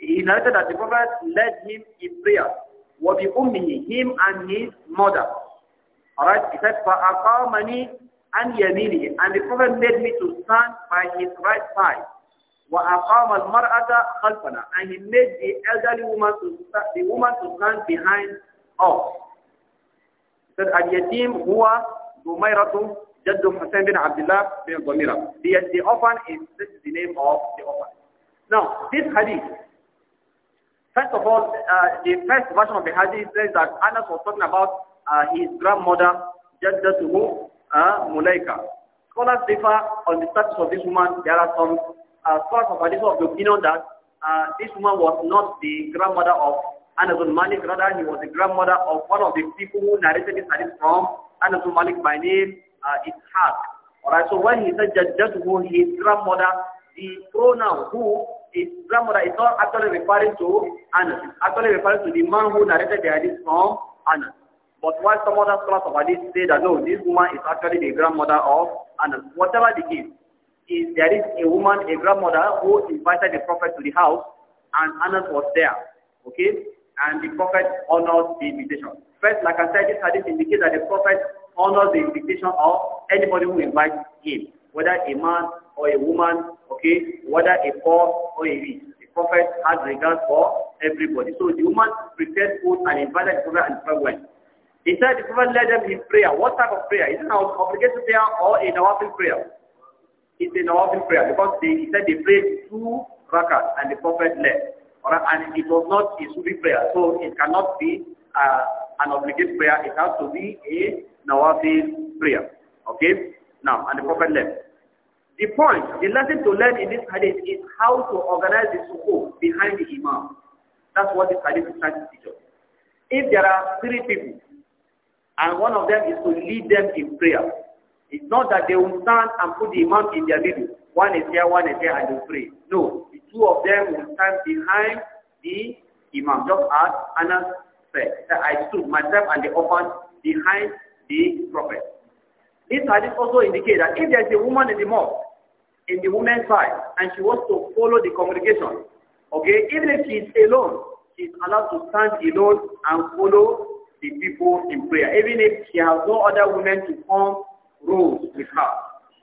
he narrated that the prophet led him in prayer وبأمه him and his mother alright he said فأقامني عن يمينه and the prophet made me to stand by his right side وأقام المرأة خلفنا and he made the elderly woman to stand, the woman to stand behind us. Said اليتيم هو دميرة جد حسين بن عبد الله بن ضميرة. The, the orphan is this is the name of the orphan. Now this hadith. First of all, uh, the first version of the hadith says that Anas was talking about uh, his grandmother, Jaddatuhu uh, Mulaika. Scholars differ on the status of this woman. There are some uh, scholars of hadith of the opinion that uh, this woman was not the grandmother of Anas bin Malik, rather he was the grandmother of one of the people who narrated this hadith from Anas bin Malik by name uh, Ishaq. Alright, so when he said Jajjatuhu, his grandmother, the pronoun who his grandmother is not actually referring to Anas. It's actually referring to the man who narrated the hadith from Anas. But while some other scholars of hadith say that no, this woman is actually the grandmother of Anas. Whatever the case, is there is a woman, a grandmother, who invited the prophet to the house, and Anas was there. Okay? And the prophet honors the invitation. First, like I said, this hadith indicates that the prophet honors the invitation of anybody who invites him, whether a man or a woman, okay, whether a poor or a rich. The prophet has regard for everybody. So the woman prepared food and invited the prophet and the prophet went. He said the prophet led them in prayer. What type of prayer? Is it an obligatory prayer or a nawafil prayer? It's a Nawafil prayer because they, he said they prayed two rakats and the Prophet left. Alright, And it was not a Sufi prayer, so it cannot be uh, an obligate prayer. It has to be a Nawafil prayer. Okay? Now, and the Prophet left. The point, the lesson to learn in this hadith is how to organize the sukuk behind the imam. That's what this hadith is trying to teach us. If there are three people, and one of them is to lead them in prayer, it's not that they will stand and put the imam in their middle. One is here, one is here, and they pray. No, the two of them will stand behind the imam. Just as Anna said, that I stood myself and the orphan behind the prophet. This hadith also indicates that if there is a woman in the mosque, in the woman's side, and she wants to follow the congregation, okay, even if she is alone, she is allowed to stand alone and follow the people in prayer, even if she has no other women to come rose with her.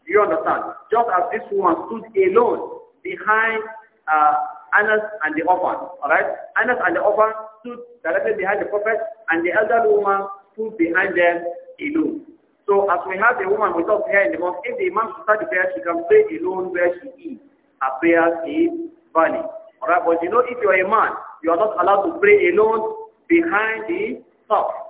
Do you understand? Just as this woman stood alone behind uh, Anas and the orphan. Alright? Anas and the orphan stood directly behind the prophet and the elder woman stood behind them alone. So as we have a woman with us here in the mosque, if the imam starts the prayer, she can pray alone where she is. Her prayer is valid. Alright? But you know, if you are a man, you are not allowed to pray alone behind the top.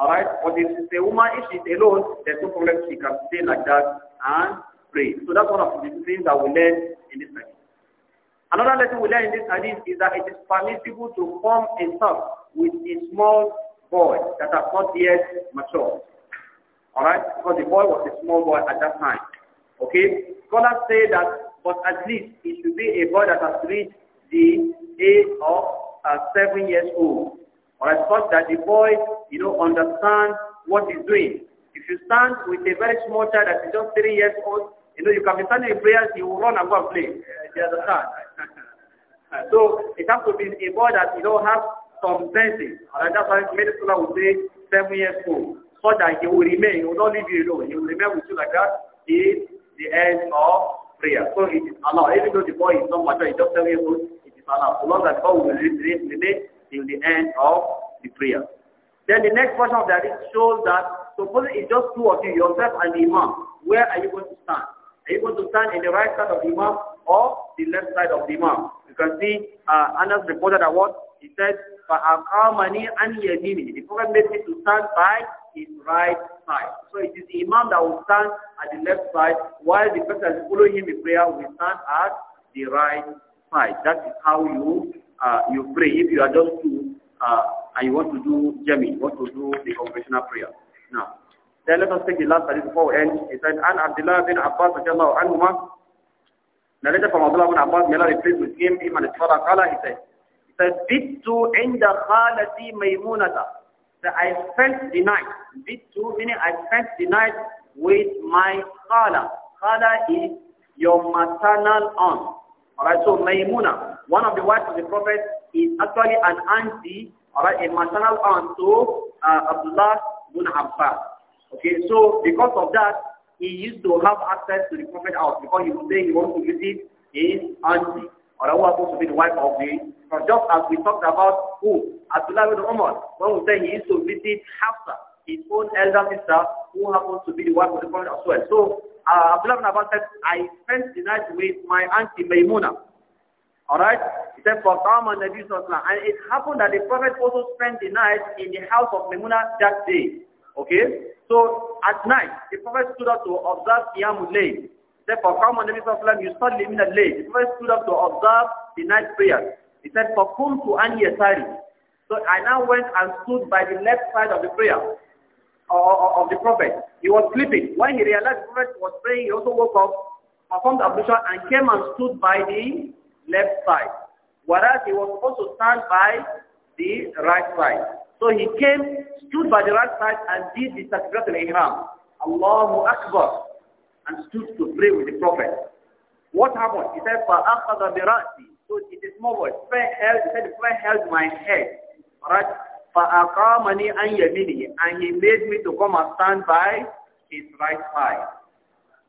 Alright? But if it's a woman, if she's alone, there's no problem. She can stay like that and pray. So that's one of the things that we learn in this study. Another lesson we learn in this study is that it is permissible to form a sub with a small boy that has not yet matured. Alright? Because the boy was a small boy at that time. Okay? Scholars say that, but at least it should be a boy that has reached the age of uh, seven years old. Or I such that the boy, you know, understands what he's doing. If you stand with a very small child that is just three years old, you know, you can be standing in prayers, he will run and go and play. You understand? so it has to be a boy that, you know, has some senses. And that's why many people would say seven years old. So that he will remain, he will not leave you alone. He will remain with you like that till the end of prayer. So it is allowed. Even though the boy is not mature, he's just seven years old, it is allowed. So long as God will remain till the end of the prayer. Then the next portion of the hadith shows that suppose it's just two of you, yourself and the imam. Where are you going to stand? Are you going to stand in the right side of the imam or the left side of the imam? You can see uh, Anas reported that what he said, فَأَقَامَنِي أَنْ يَمِينِ The Prophet made me to stand by his right side. So it is the imam that will stand at the left side, while the person following him in prayer will stand at the right side. That is how you uh, you pray. If you are just two uh, and you want to do jami, you want to do the conventional prayer. Now, then let us take the last hadith before we end. It said, An Abdullah bin Abbas radiallahu anhuma, narrated from Abdullah bin Abbas, may Allah replace with him, him and his father, Qala, he said, he said, Bittu inda khalati maymunata. That I spent the night, Bittu meaning I spent the night with my khala. Khala is your maternal aunt. Alright, so maymunah. One of the wives of the Prophet is actually an auntie, all right, a maternal aunt to uh, Abdullah bin Abbas. Okay, so because of that, he used to have access to the prophet house because he was saying he wants to visit his auntie or who happens to be the wife of the Prophet. Just as we talked about who, Abdullah bin Umar, when we say he used to visit Hafsa, his own elder sister, who happens to be the wife of the Prophet as well. So uh, Abdullah Abbas said, I spent the night with my auntie Maimuna. Alright? He said, فَقَامَ النَّبِيُّ صَلَّى And it happened that the Prophet also spent the night in the house of Memuna that day. Okay? So, at night, the Prophet stood up to observe Qiyamul Layl. He said, فَقَامَ النَّبِيُّ صَلَّى You عَلَيْهِ the مِنَ اللَّيْلِ The Prophet stood up to observe the night prayer. He said, فَقُمْتُ أَنْ يَسَارِي So, I now went and stood by the left side of the prayer of the Prophet. He was sleeping. When he realized the Prophet was praying, he also woke up, performed ablution, and came and stood by the left side, whereas he was supposed to stand by the right side. So he came, stood by the right side and did the Takbirat al-Ihram, Allahu Akbar, and stood to pray with the Prophet. What happened? He said, فَأَخَذَ بِرَأْسِي So it is more words. Prayer held, he said, the held my head. Right? فَأَقَامَنِي أَنْ يَمِنِي And he made me to come and stand by his right side.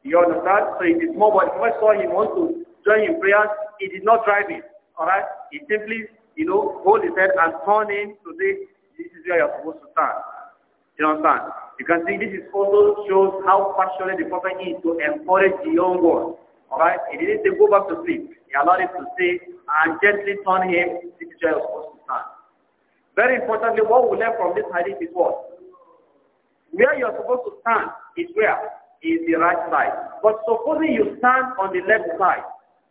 You understand? So it is more words. If I saw him want to join in prayer, he did not drive it. All right? He simply, you know, hold his head and turn in to say, this is where you're supposed to stand. You understand? You can see this is also shows how passionate the prophet is to encourage the young one. All right? He didn't say, go back to sleep. He allowed him to stay and gently turn him, this is where you're supposed to stand. Very importantly, what we learn from this hadith is what? Where you're supposed to stand is where? Is the right side. But supposing you stand on the left side,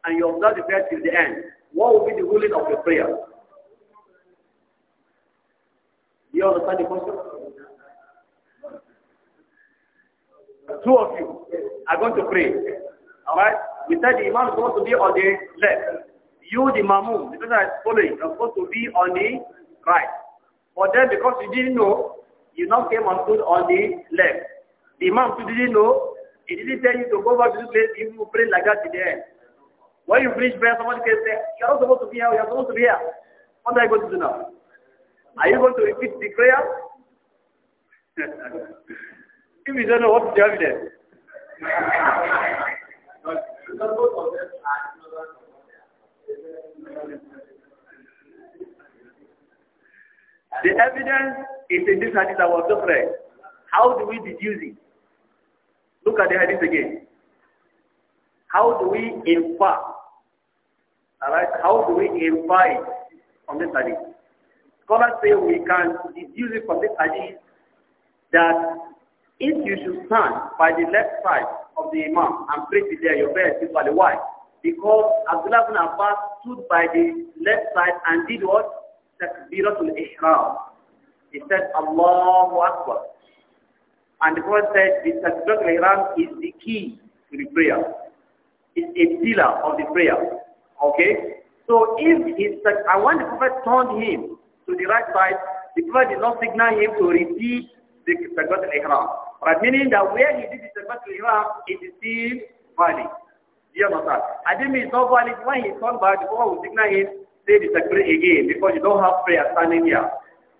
and you observe the prayer till the end, what will be the ruling of the prayer? Do you understand the question? Two of you are going to pray. Alright? We said the Imam is supposed to be on the left. You, the Mamun, the person that is following, are supposed to be on the right. But then because you didn't know, you now came and stood on the left. The Imam you didn't know. He didn't tell you to go back to the place you pray like that to the end. Why you preach prayer, someone can say, you are not supposed to be here, you are supposed to be here. What are you going to do now? Are you going to repeat the prayer? if you don't know what to the evidence is in this hadith I was just read. How do we deduce it? Look at the hadith again. How do we infer Alright, how do we imply on this hadith? Scholars say we can deduce it from this hadith that if you should stand by the left side of the imam and pray to there, your prayer is the why? Because Abdullah ibn Abbas stood by the left side and did what? Takbiratul Ihram. He said, Allahu Akbar. And the Prophet said, the Takbiratul Ihram is the key to the prayer. It's a pillar of the prayer. Okay? So if he said, I want the Prophet turned him to the right side, the Prophet did not signal him to repeat the second al-Ihram. Right? Meaning that where he did the Tagat al-Ihram, it is still valid. Do you understand? I mean it's not valid when he turned back, the Prophet will signal him, say the Tagat again, because you don't have prayer standing here.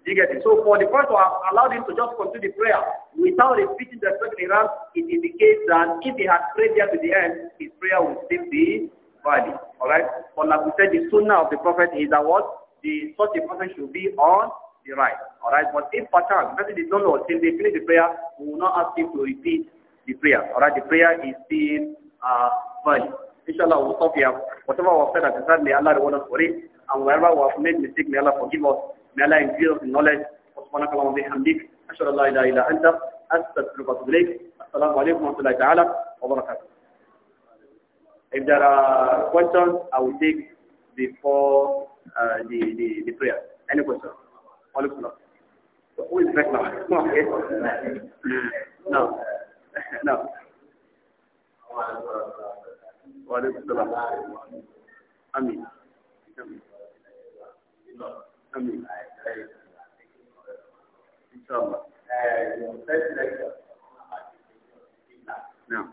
You get it? So for the first one, allowed him to just continue the prayer without repeating the second al it indicates that if he had prayed there to the end, his prayer would still be valid. All right. But like we said, the sunnah of the prophet is that what the such a person should be on the right. All right. But if perchance the person did not know till they finish the prayer, we will not ask him to repeat the prayer. All right. The prayer is still uh, valid. Inshallah, we'll stop here. Whatever was said at the time, may Allah reward us for it. And wherever we have made mistake, may Allah forgive us. May Allah increase us in knowledge. سبحانك اللهم وبحمدك أشهد أن لا إله إلا أنت أستغفرك وأتوب إليك السلام عليكم ورحمة الله تعالى وبركاته if there are questions, I will take before uh, the, the, the prayer. Any questions? All of them. Who is back now? okay. no. no. وعليكم السلام آمين آمين إن شاء الله نعم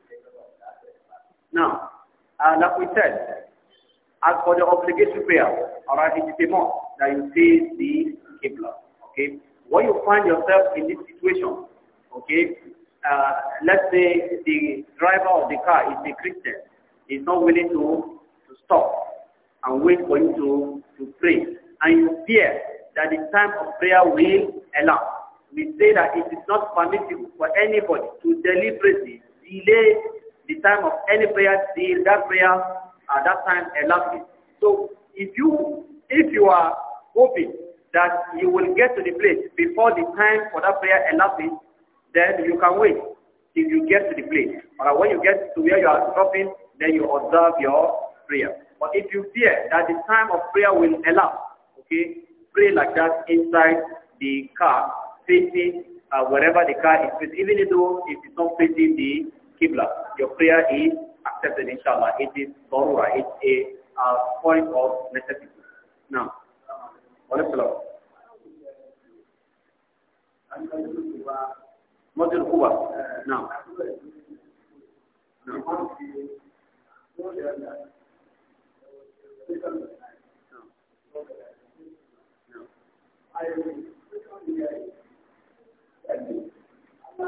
Now, uh, like we said, as for the obligation prayer, alright, it is a must that you say the Qibla. Okay? When you find yourself in this situation, okay, uh, let's say the driver of the car is a Christian, is not willing to, to stop and wait for you to, to pray, and you fear that the time of prayer will elapse. We say that it is not permissible for anybody to deliberately delay the time of any prayer till that prayer at that time elapses. So if you if you are hoping that you will get to the place before the time for that prayer elapses, then you can wait till you get to the place. Or when you get to where you are stopping, then you observe your prayer. But if you fear that the time of prayer will elapse, okay, pray like that inside the car, facing uh, wherever the car is facing, even though it is not facing the Qibla. Your prayer is accepted, inshallah. It is Barura. It's a uh, point of necessity. Now, what is Walaykum Model Huwa. Now. No. No. No.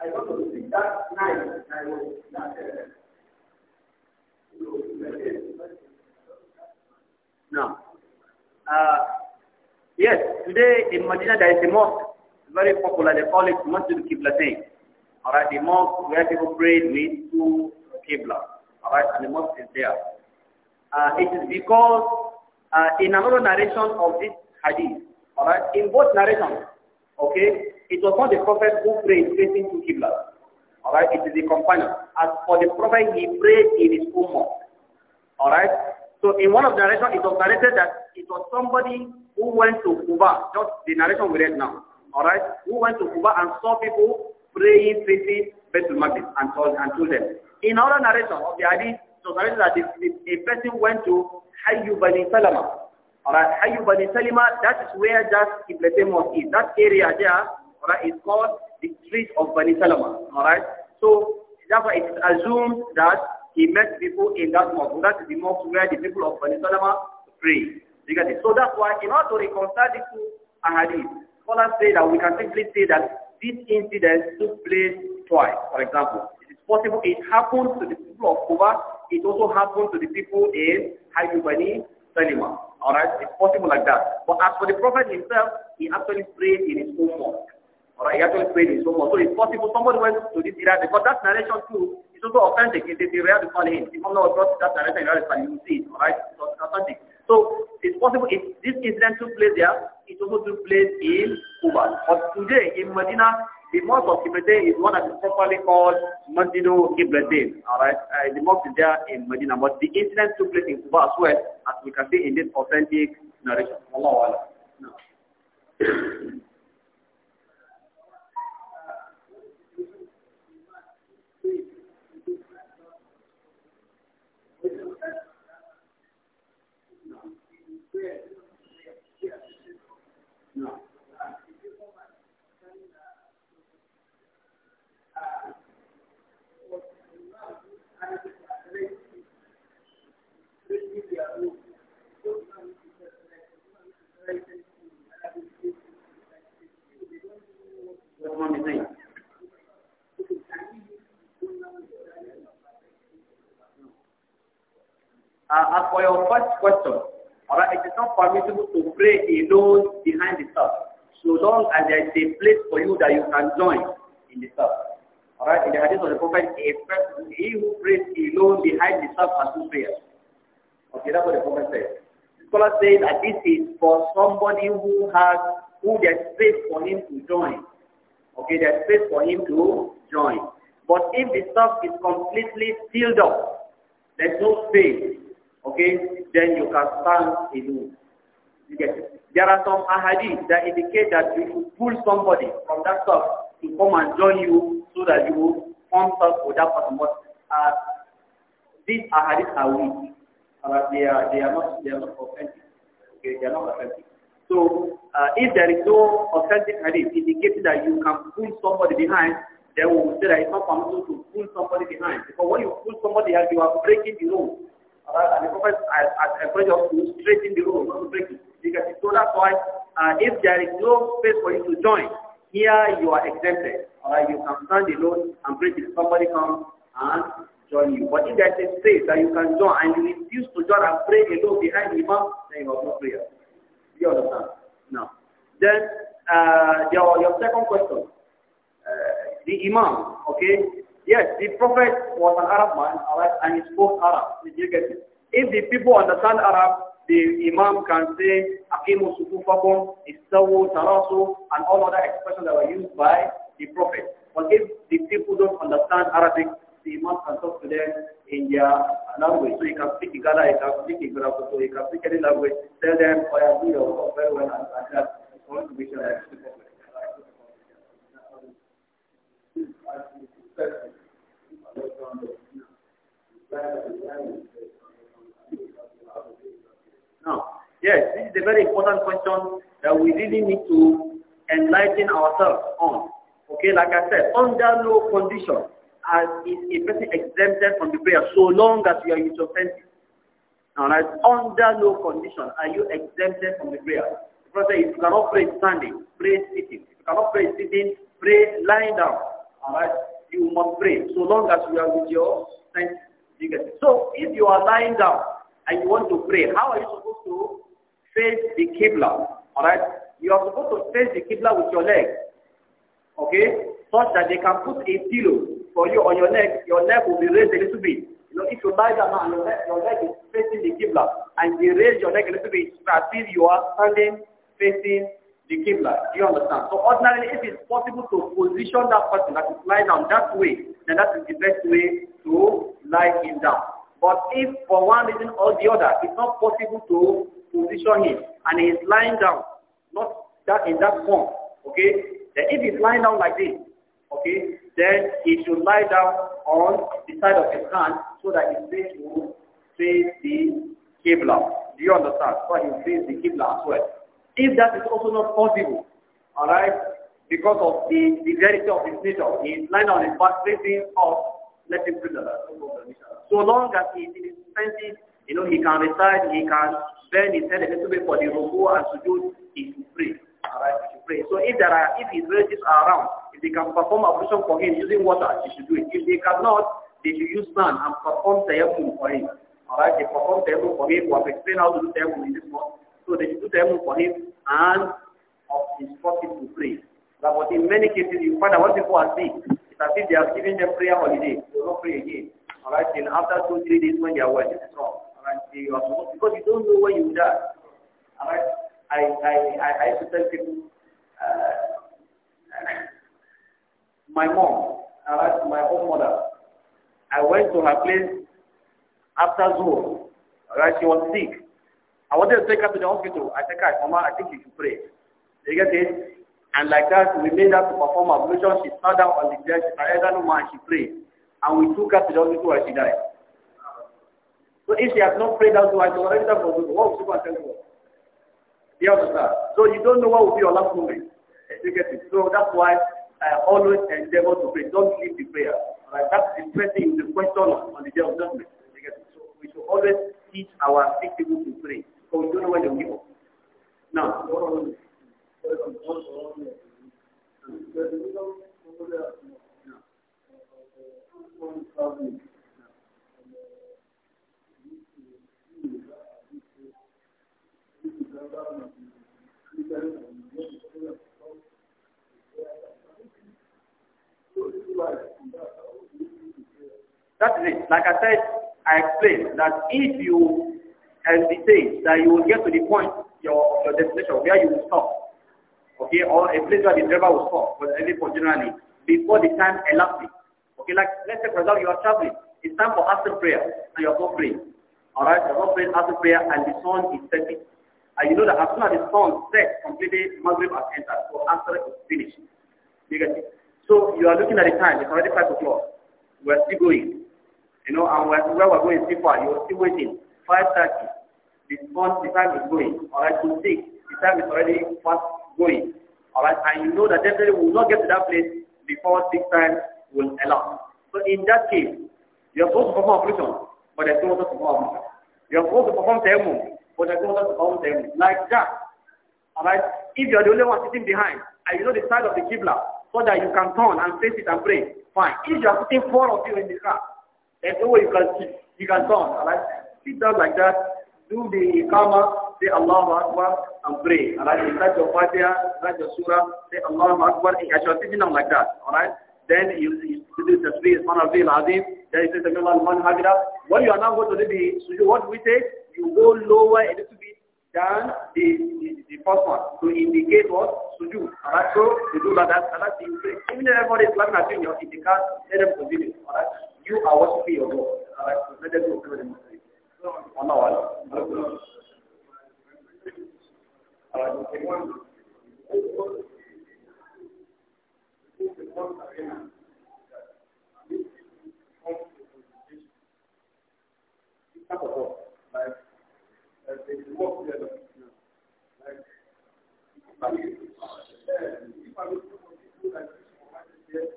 I want to see that night I was in that uh, area. uh, yes, today in Medina there is a mosque, very popular, they call it Masjid Qiblatain. Alright, the mosque where people pray with two Qibla. Alright, and the mosque is there. Uh, it is because uh, in another narration of this hadith, alright, in both narrations, okay, it was not the prophet who prayed facing to Qibla. Alright, it is the companion. As for the prophet, he prayed in his own mosque. Alright, so in one of the narrations, it was narrated that it was somebody who went to Kuba. just the narration we read now, all right, who went to Kuba and saw people praying facing Bethel Magdis and told, and told them. In other narration of the hadith, it was narrated that a person went to Hayyu Bani Salama. All right, Hayyu Bani Salama, that is where that Ibletem is, That area there Right, it's called the street of Bani Salama. Alright, so therefore it is assumed that he met people in that mosque. that is the mosque where the people of Bani Salama pray. You get it? So that's why in order to reconcile these two ahadith, scholars say that we can simply say that this incident took place twice, for example. It is possible it happened to the people of Kuba, it also happened to the people in Haibubani, Salama. Alright, it's possible like that. But as for the Prophet himself, he actually prayed in his own mosque or explain Kweli, so on. So it's possible someone went to this area because that narration too is also authentic. It is the real to follow him. If I'm not brought that narration, you will see it, alright? It's authentic. So it's possible if this incident took place there, it also took place in Cuba. But today in Medina, the mosque of Kiblete is one that is properly called Masjidu Kiblete. Alright, uh, the mosque is there in Medina, but the incident took place in Cuba as well, as we can see in this authentic narration. Allah Allah. No. Uh, as for your first question, alright, it is not permissible to pray alone behind the staff, so long as there is a place for you that you can join in the staff. Alright, in the hadith of the Prophet, he who prays alone behind the staff has two prayers. Okay, that's what the Prophet said. The scholar says that this is for somebody who has who there's space for him to join Okay, there's space for him to join. But if the stuff is completely filled up, there's no space, okay, then you can stand alone. You get it? There are some ahadith that indicate that you should pull somebody from that stuff to come and join you so that you will form stuff for that person. But uh, these ahadith are weak. Uh, they, are, they, are not, they are not authentic. Okay, they are not authentic. So uh, if there is no authentic hadith indicating that you can pull somebody behind, then we will say that it's not permissible to pull somebody behind. Because when you pull somebody you are breaking the rule. Uh, and the Prophet has encouraged us to straighten the rule, not to break it. Because so told point, why, uh, if there is no space for you to join, here you are exempted. Alright, you can stand alone and break it. somebody comes and join you. But if there is a space that you can join and you refuse to join and pray alone behind the imam, then you have no prayer. you understand? No. Then uh, your your second question, uh, the Imam. Okay. Yes, the Prophet was an Arab man, alright, and he spoke Arab. Did you get it? If the people understand Arab, the Imam can say Akimu Sukufakum, Istawu, Tarasu, and all other expressions that were used by the Prophet. But if the people don't understand Arabic, so must can talk to them in their language. So you can speak Igala, you can speak Igbarakoto, you can speak any language. Tell them, oh, I do your work very well and like that. It's going to be sure that it's now, yes, this is a very important question that we really need to enlighten ourselves on. Okay, like I said, under no condition as is a person exempted from the prayer so long as you are in offensive. Alright, under no condition are you exempted from the prayer. The Prophet if you cannot pray standing, pray sitting. If you cannot pray sitting, pray lying down. Alright, you must pray so long as you are with your senses. You get it. So if you are lying down and you want to pray, how are you supposed to face the Qibla? Alright, you are supposed to face the Qibla with your legs. Okay, such that they can put a pillow for you on your neck, your neck will be raised a little bit. You know, if you lie down and your neck, your neck is facing the Qibla, and you raise your neck a little bit, as if you are standing facing the Qibla. Do you understand? So ordinarily, if it's possible to position that person that is lying down that way, then that is the best way to lie him down. But if for one reason or the other, it's not possible to position him, and he is lying down, not that in that form, okay? Then if he's lying down like this, okay, then he should lie down on the side of his hand so that his face will face the Qibla. Do you understand? So he will face the Qibla as well. If that is also not possible, alright, because of the severity of his nature, he is lying on his back facing up, let him pray that. So long as he is in his senses, you know, he can recite, he can bend his head a little bit for the ruku and sujood, he is free arrive, he pray. So if there are, if his relatives are around, if they can perform ablution for him using water, they should do it. If they cannot, they should use sand and perform tayammum for him. Alright, they perform tayammum for him. We have explained how to do tayammum in this month. So they should do tayammum for him and of his forces to pray. But in many cases, you find that what people are sick, it's as if they are giving them prayer holiday. They will not pray again. Alright, then after two, three days when they are well, it's wrong. Alright, because you don't know when you die. Alright, I, I, I, I used to tell people, uh, my mom, uh, my own mother, I went to her place after Zoom. Right? She was sick. I wanted to take her to the hospital. I said, her, Mama, I think you should pray. You get it? And like that, we made her to perform ablution. She sat down on the chair. She started that woman and she prayed. And we took her to the hospital and she died. So if she has not prayed out to her, she already done for What would she go and tell God? You understand? So you don't know what will be your last moment. You get it? So that's why I always endeavor to pray. Don't leave the prayer. Right? That's the pressing the question on the day of judgment. You get it? So we should always teach our sick people to pray. So we don't know when they'll give up. Now, That is it. Like I said, I explained that if you hesitate, that you will get to the point, your, your destination, where you will stop. Okay, or a place where the driver will stop, but any point generally, before the time elapses. Okay, like let's say for example you are traveling, it's time for Asr prayer, and you are not praying. Alright, you are not praying Asr prayer and the sun is setting. And you know that as soon as the sun sets completely, Maghrib has entered. So Asr is finished. You So you are looking at the time. It's already 5 o'clock. We're still going. You know, and where, we're going so still far. You're still waiting. 5.30. The sun, the time is going. All right, to 6. The time is already fast going. All right, and you know that definitely we will not get to that place before 6 time will allow. So in that case, you're supposed to perform ablution, but there's no one to perform You're supposed to perform tayammum, but there's no one about them like that. Alright? If you're the only one sitting behind and you know the side of the Qibla so that you can turn and face it and pray, fine. If you're sitting four of you in the car, there's no way you can sit. You can turn. Alright? Sit down like that, do the Iqama, say Allah Akbar and pray. Alright? Recite your Fatiha, recite your Surah, say Allah Akbar as you're sitting down like that. Alright? Then you, you do the Tasbih, Subhanallah, Azim. Then you say the al-Man Hajra. When you are now going to do the sujood, what do we say? you go lower a little bit than the, the, the first one to indicate what to do. Alright, so you do like that, and that's the increase. Even if everybody is laughing at you, if they can't, let them continue. Alright, you are worshiping your God. Alright, so let them do whatever they must do. Allah like that they work together. Like, if I mean, if I look for people that teach Muhammad here,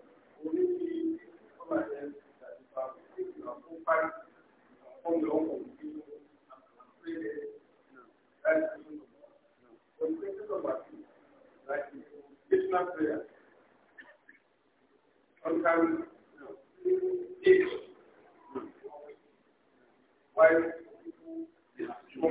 only the people that if I think you are full time, form your own communication and play it, that's the reason of But you think about it, like, Krishna prayer, sometimes, you know, it's, while uh,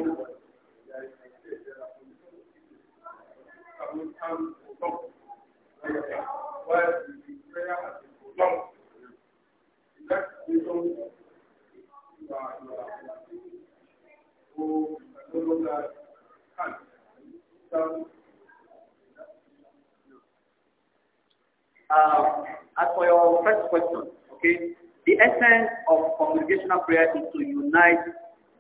as for your first question, okay, the essence of congregational prayer is to unite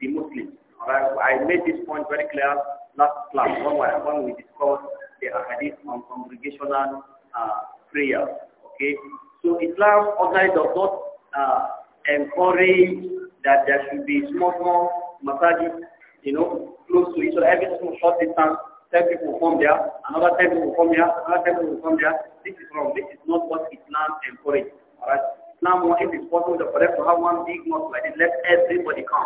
the Muslims. I made this point very clear last class when we, when we discussed the hadith on congregational uh, prayer. Okay, so Islam ordinarily does not uh, encourage that there should be small small massages, you know, close to each other, every small short distance. Ten people will come there, another ten people will come there, another ten people will come there. This is wrong. This is not what Islam encourages. Alright. Islam, wants it's possible for them to have one big mosque where they let everybody come.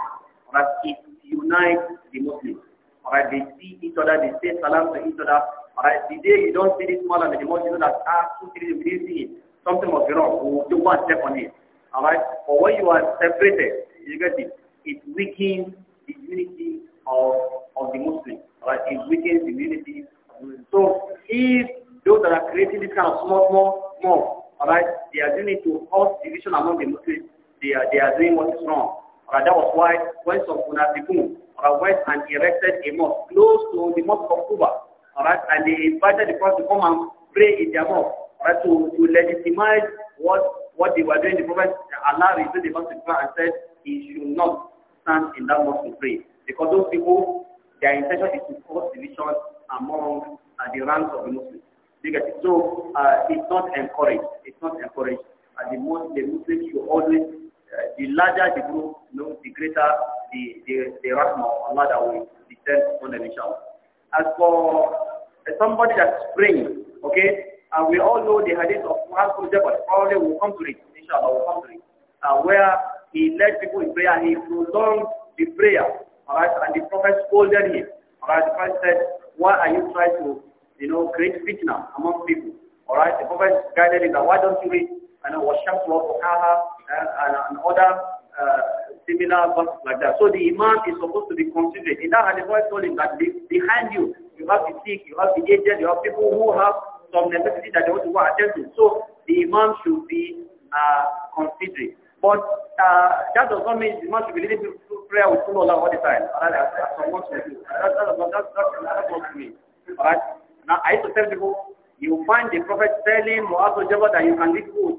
Alright, it unite the Muslims. Alright, they see each other, they say salam to each other. Alright, the day you don't see this Muslim in the mosque, you know that, ah, two, three, we didn't see it. Something was wrong. We'll do one step on it. Alright, but when you are separated, you get it, it weakens the unity of, of the Muslims. Alright, it weakens the unity So if those that are creating this kind of small, small, small, alright, they are doing it to cause division among the Muslims, they are, they are doing what is wrong. Right, that was why when some Munafiqun right, went and erected a mosque close to the mosque of Kuba. Right, and they invited the Prophet to come and pray in their mosque right, to, to legitimize what, what they were doing. The Prophet, Allah revealed the mosque and said he should not stand in that mosque to pray. Because those people, their intention is to cause division among uh, the ranks of the Muslims. So uh, it's not encouraged. It's not encouraged. Uh, the, most, the Muslims should always the larger the group, you know, the greater the, the, the rahmah of Allah that will descend upon them, inshallah. As for uh, somebody that's praying, okay, and we all know the hadith of Muhammad from Jabal, probably will come to it, inshallah, will come to it, uh, where he led people in prayer, he prolonged the prayer, alright, and the Prophet scolded him, alright, the Prophet said, why are you trying to, you know, create fitna among people, alright, the Prophet guided him that why don't you read and وَشَفْرَهَا and, and other uh, similar verses like that. So the imam is supposed to be considerate. In that hadith, I told him that behind you, you have the sick, you have the aged, you have people who have some necessity that they want to go attend to. So the imam should be uh, considerate. But uh, that does not mean the imam should be leading to prayer with full Allah all the time. All right, as, as someone should do. That, that, that, that, that, that All right? Now, I used to tell people, you find the Prophet telling Mu'az al that you can lead food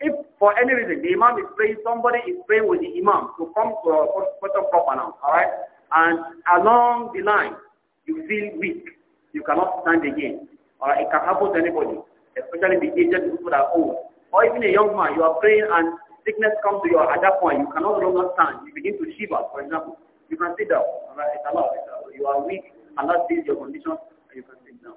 if for any reason the imam is praying, somebody is praying with the imam to come to a question proper now, all right? And along the line, you feel weak. You cannot stand again. All right? It can happen to anybody, especially the aged people that are old. Or even a young man, you are praying and sickness comes to you at that point. You cannot longer stand. You begin to shiver, for example. You can sit down. All right? It's allowed. It's allowed. You are weak. Allah sees your condition and you can sit down.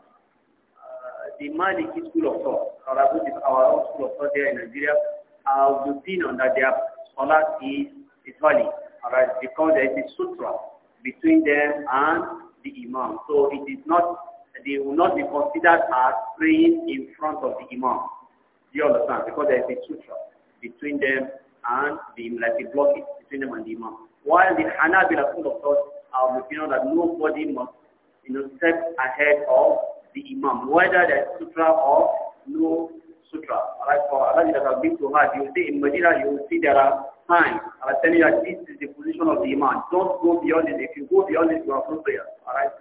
the Maliki school of thought, or which is our own school of thought here in Nigeria, have the opinion that their scholar is, is holy, alright, because there is a sutra between them and the imam. So it is not, they will not be considered as praying in front of the imam. Do you understand? Because there is a sutra between them and the imam, like a blockage between them and the imam. While the Hanabila school of thought, the opinion that nobody must, you know, step ahead of the imam, whether that sutra or no sutra. Alright, for Allah that have been to Hajj, you see in Medina, you see there are signs. I'm telling you that this is the position of the imam. Don't go beyond it. If you go beyond it, you are from prayer. Alright.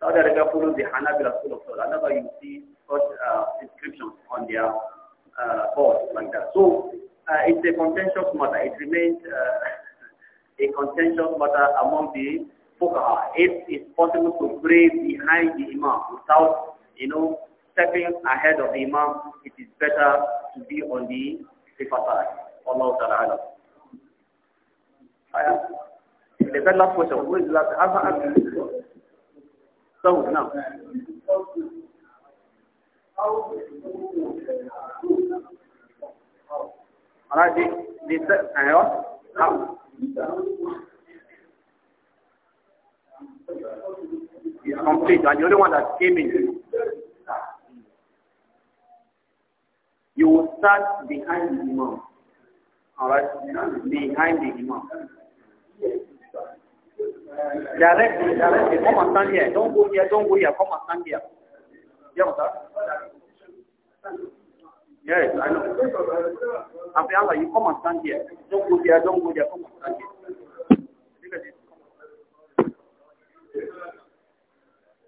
Saudi Arabia follows the Hanabila school of thought. Another you see such uh, inscriptions on their uh, board like that. So uh, it's a contentious matter. It remains uh, a contentious matter among the fuqaha, if it's possible to pray behind the imam without, you know, stepping ahead of the imam, it is better to be on the safer side. Allah Ta'ala. The very last question, who is last? I've So, now. Alright, the, the, uh, how? It's complete. And the only one that came in. You will start behind the imam. Alright? Behind the imam. Directly, directly. Come and stand here. Don't go here, don't go here. Come and stand here. You understand? Yes, I know. After Allah, you come and stand here. Don't go there, don't go there. Come and stand here.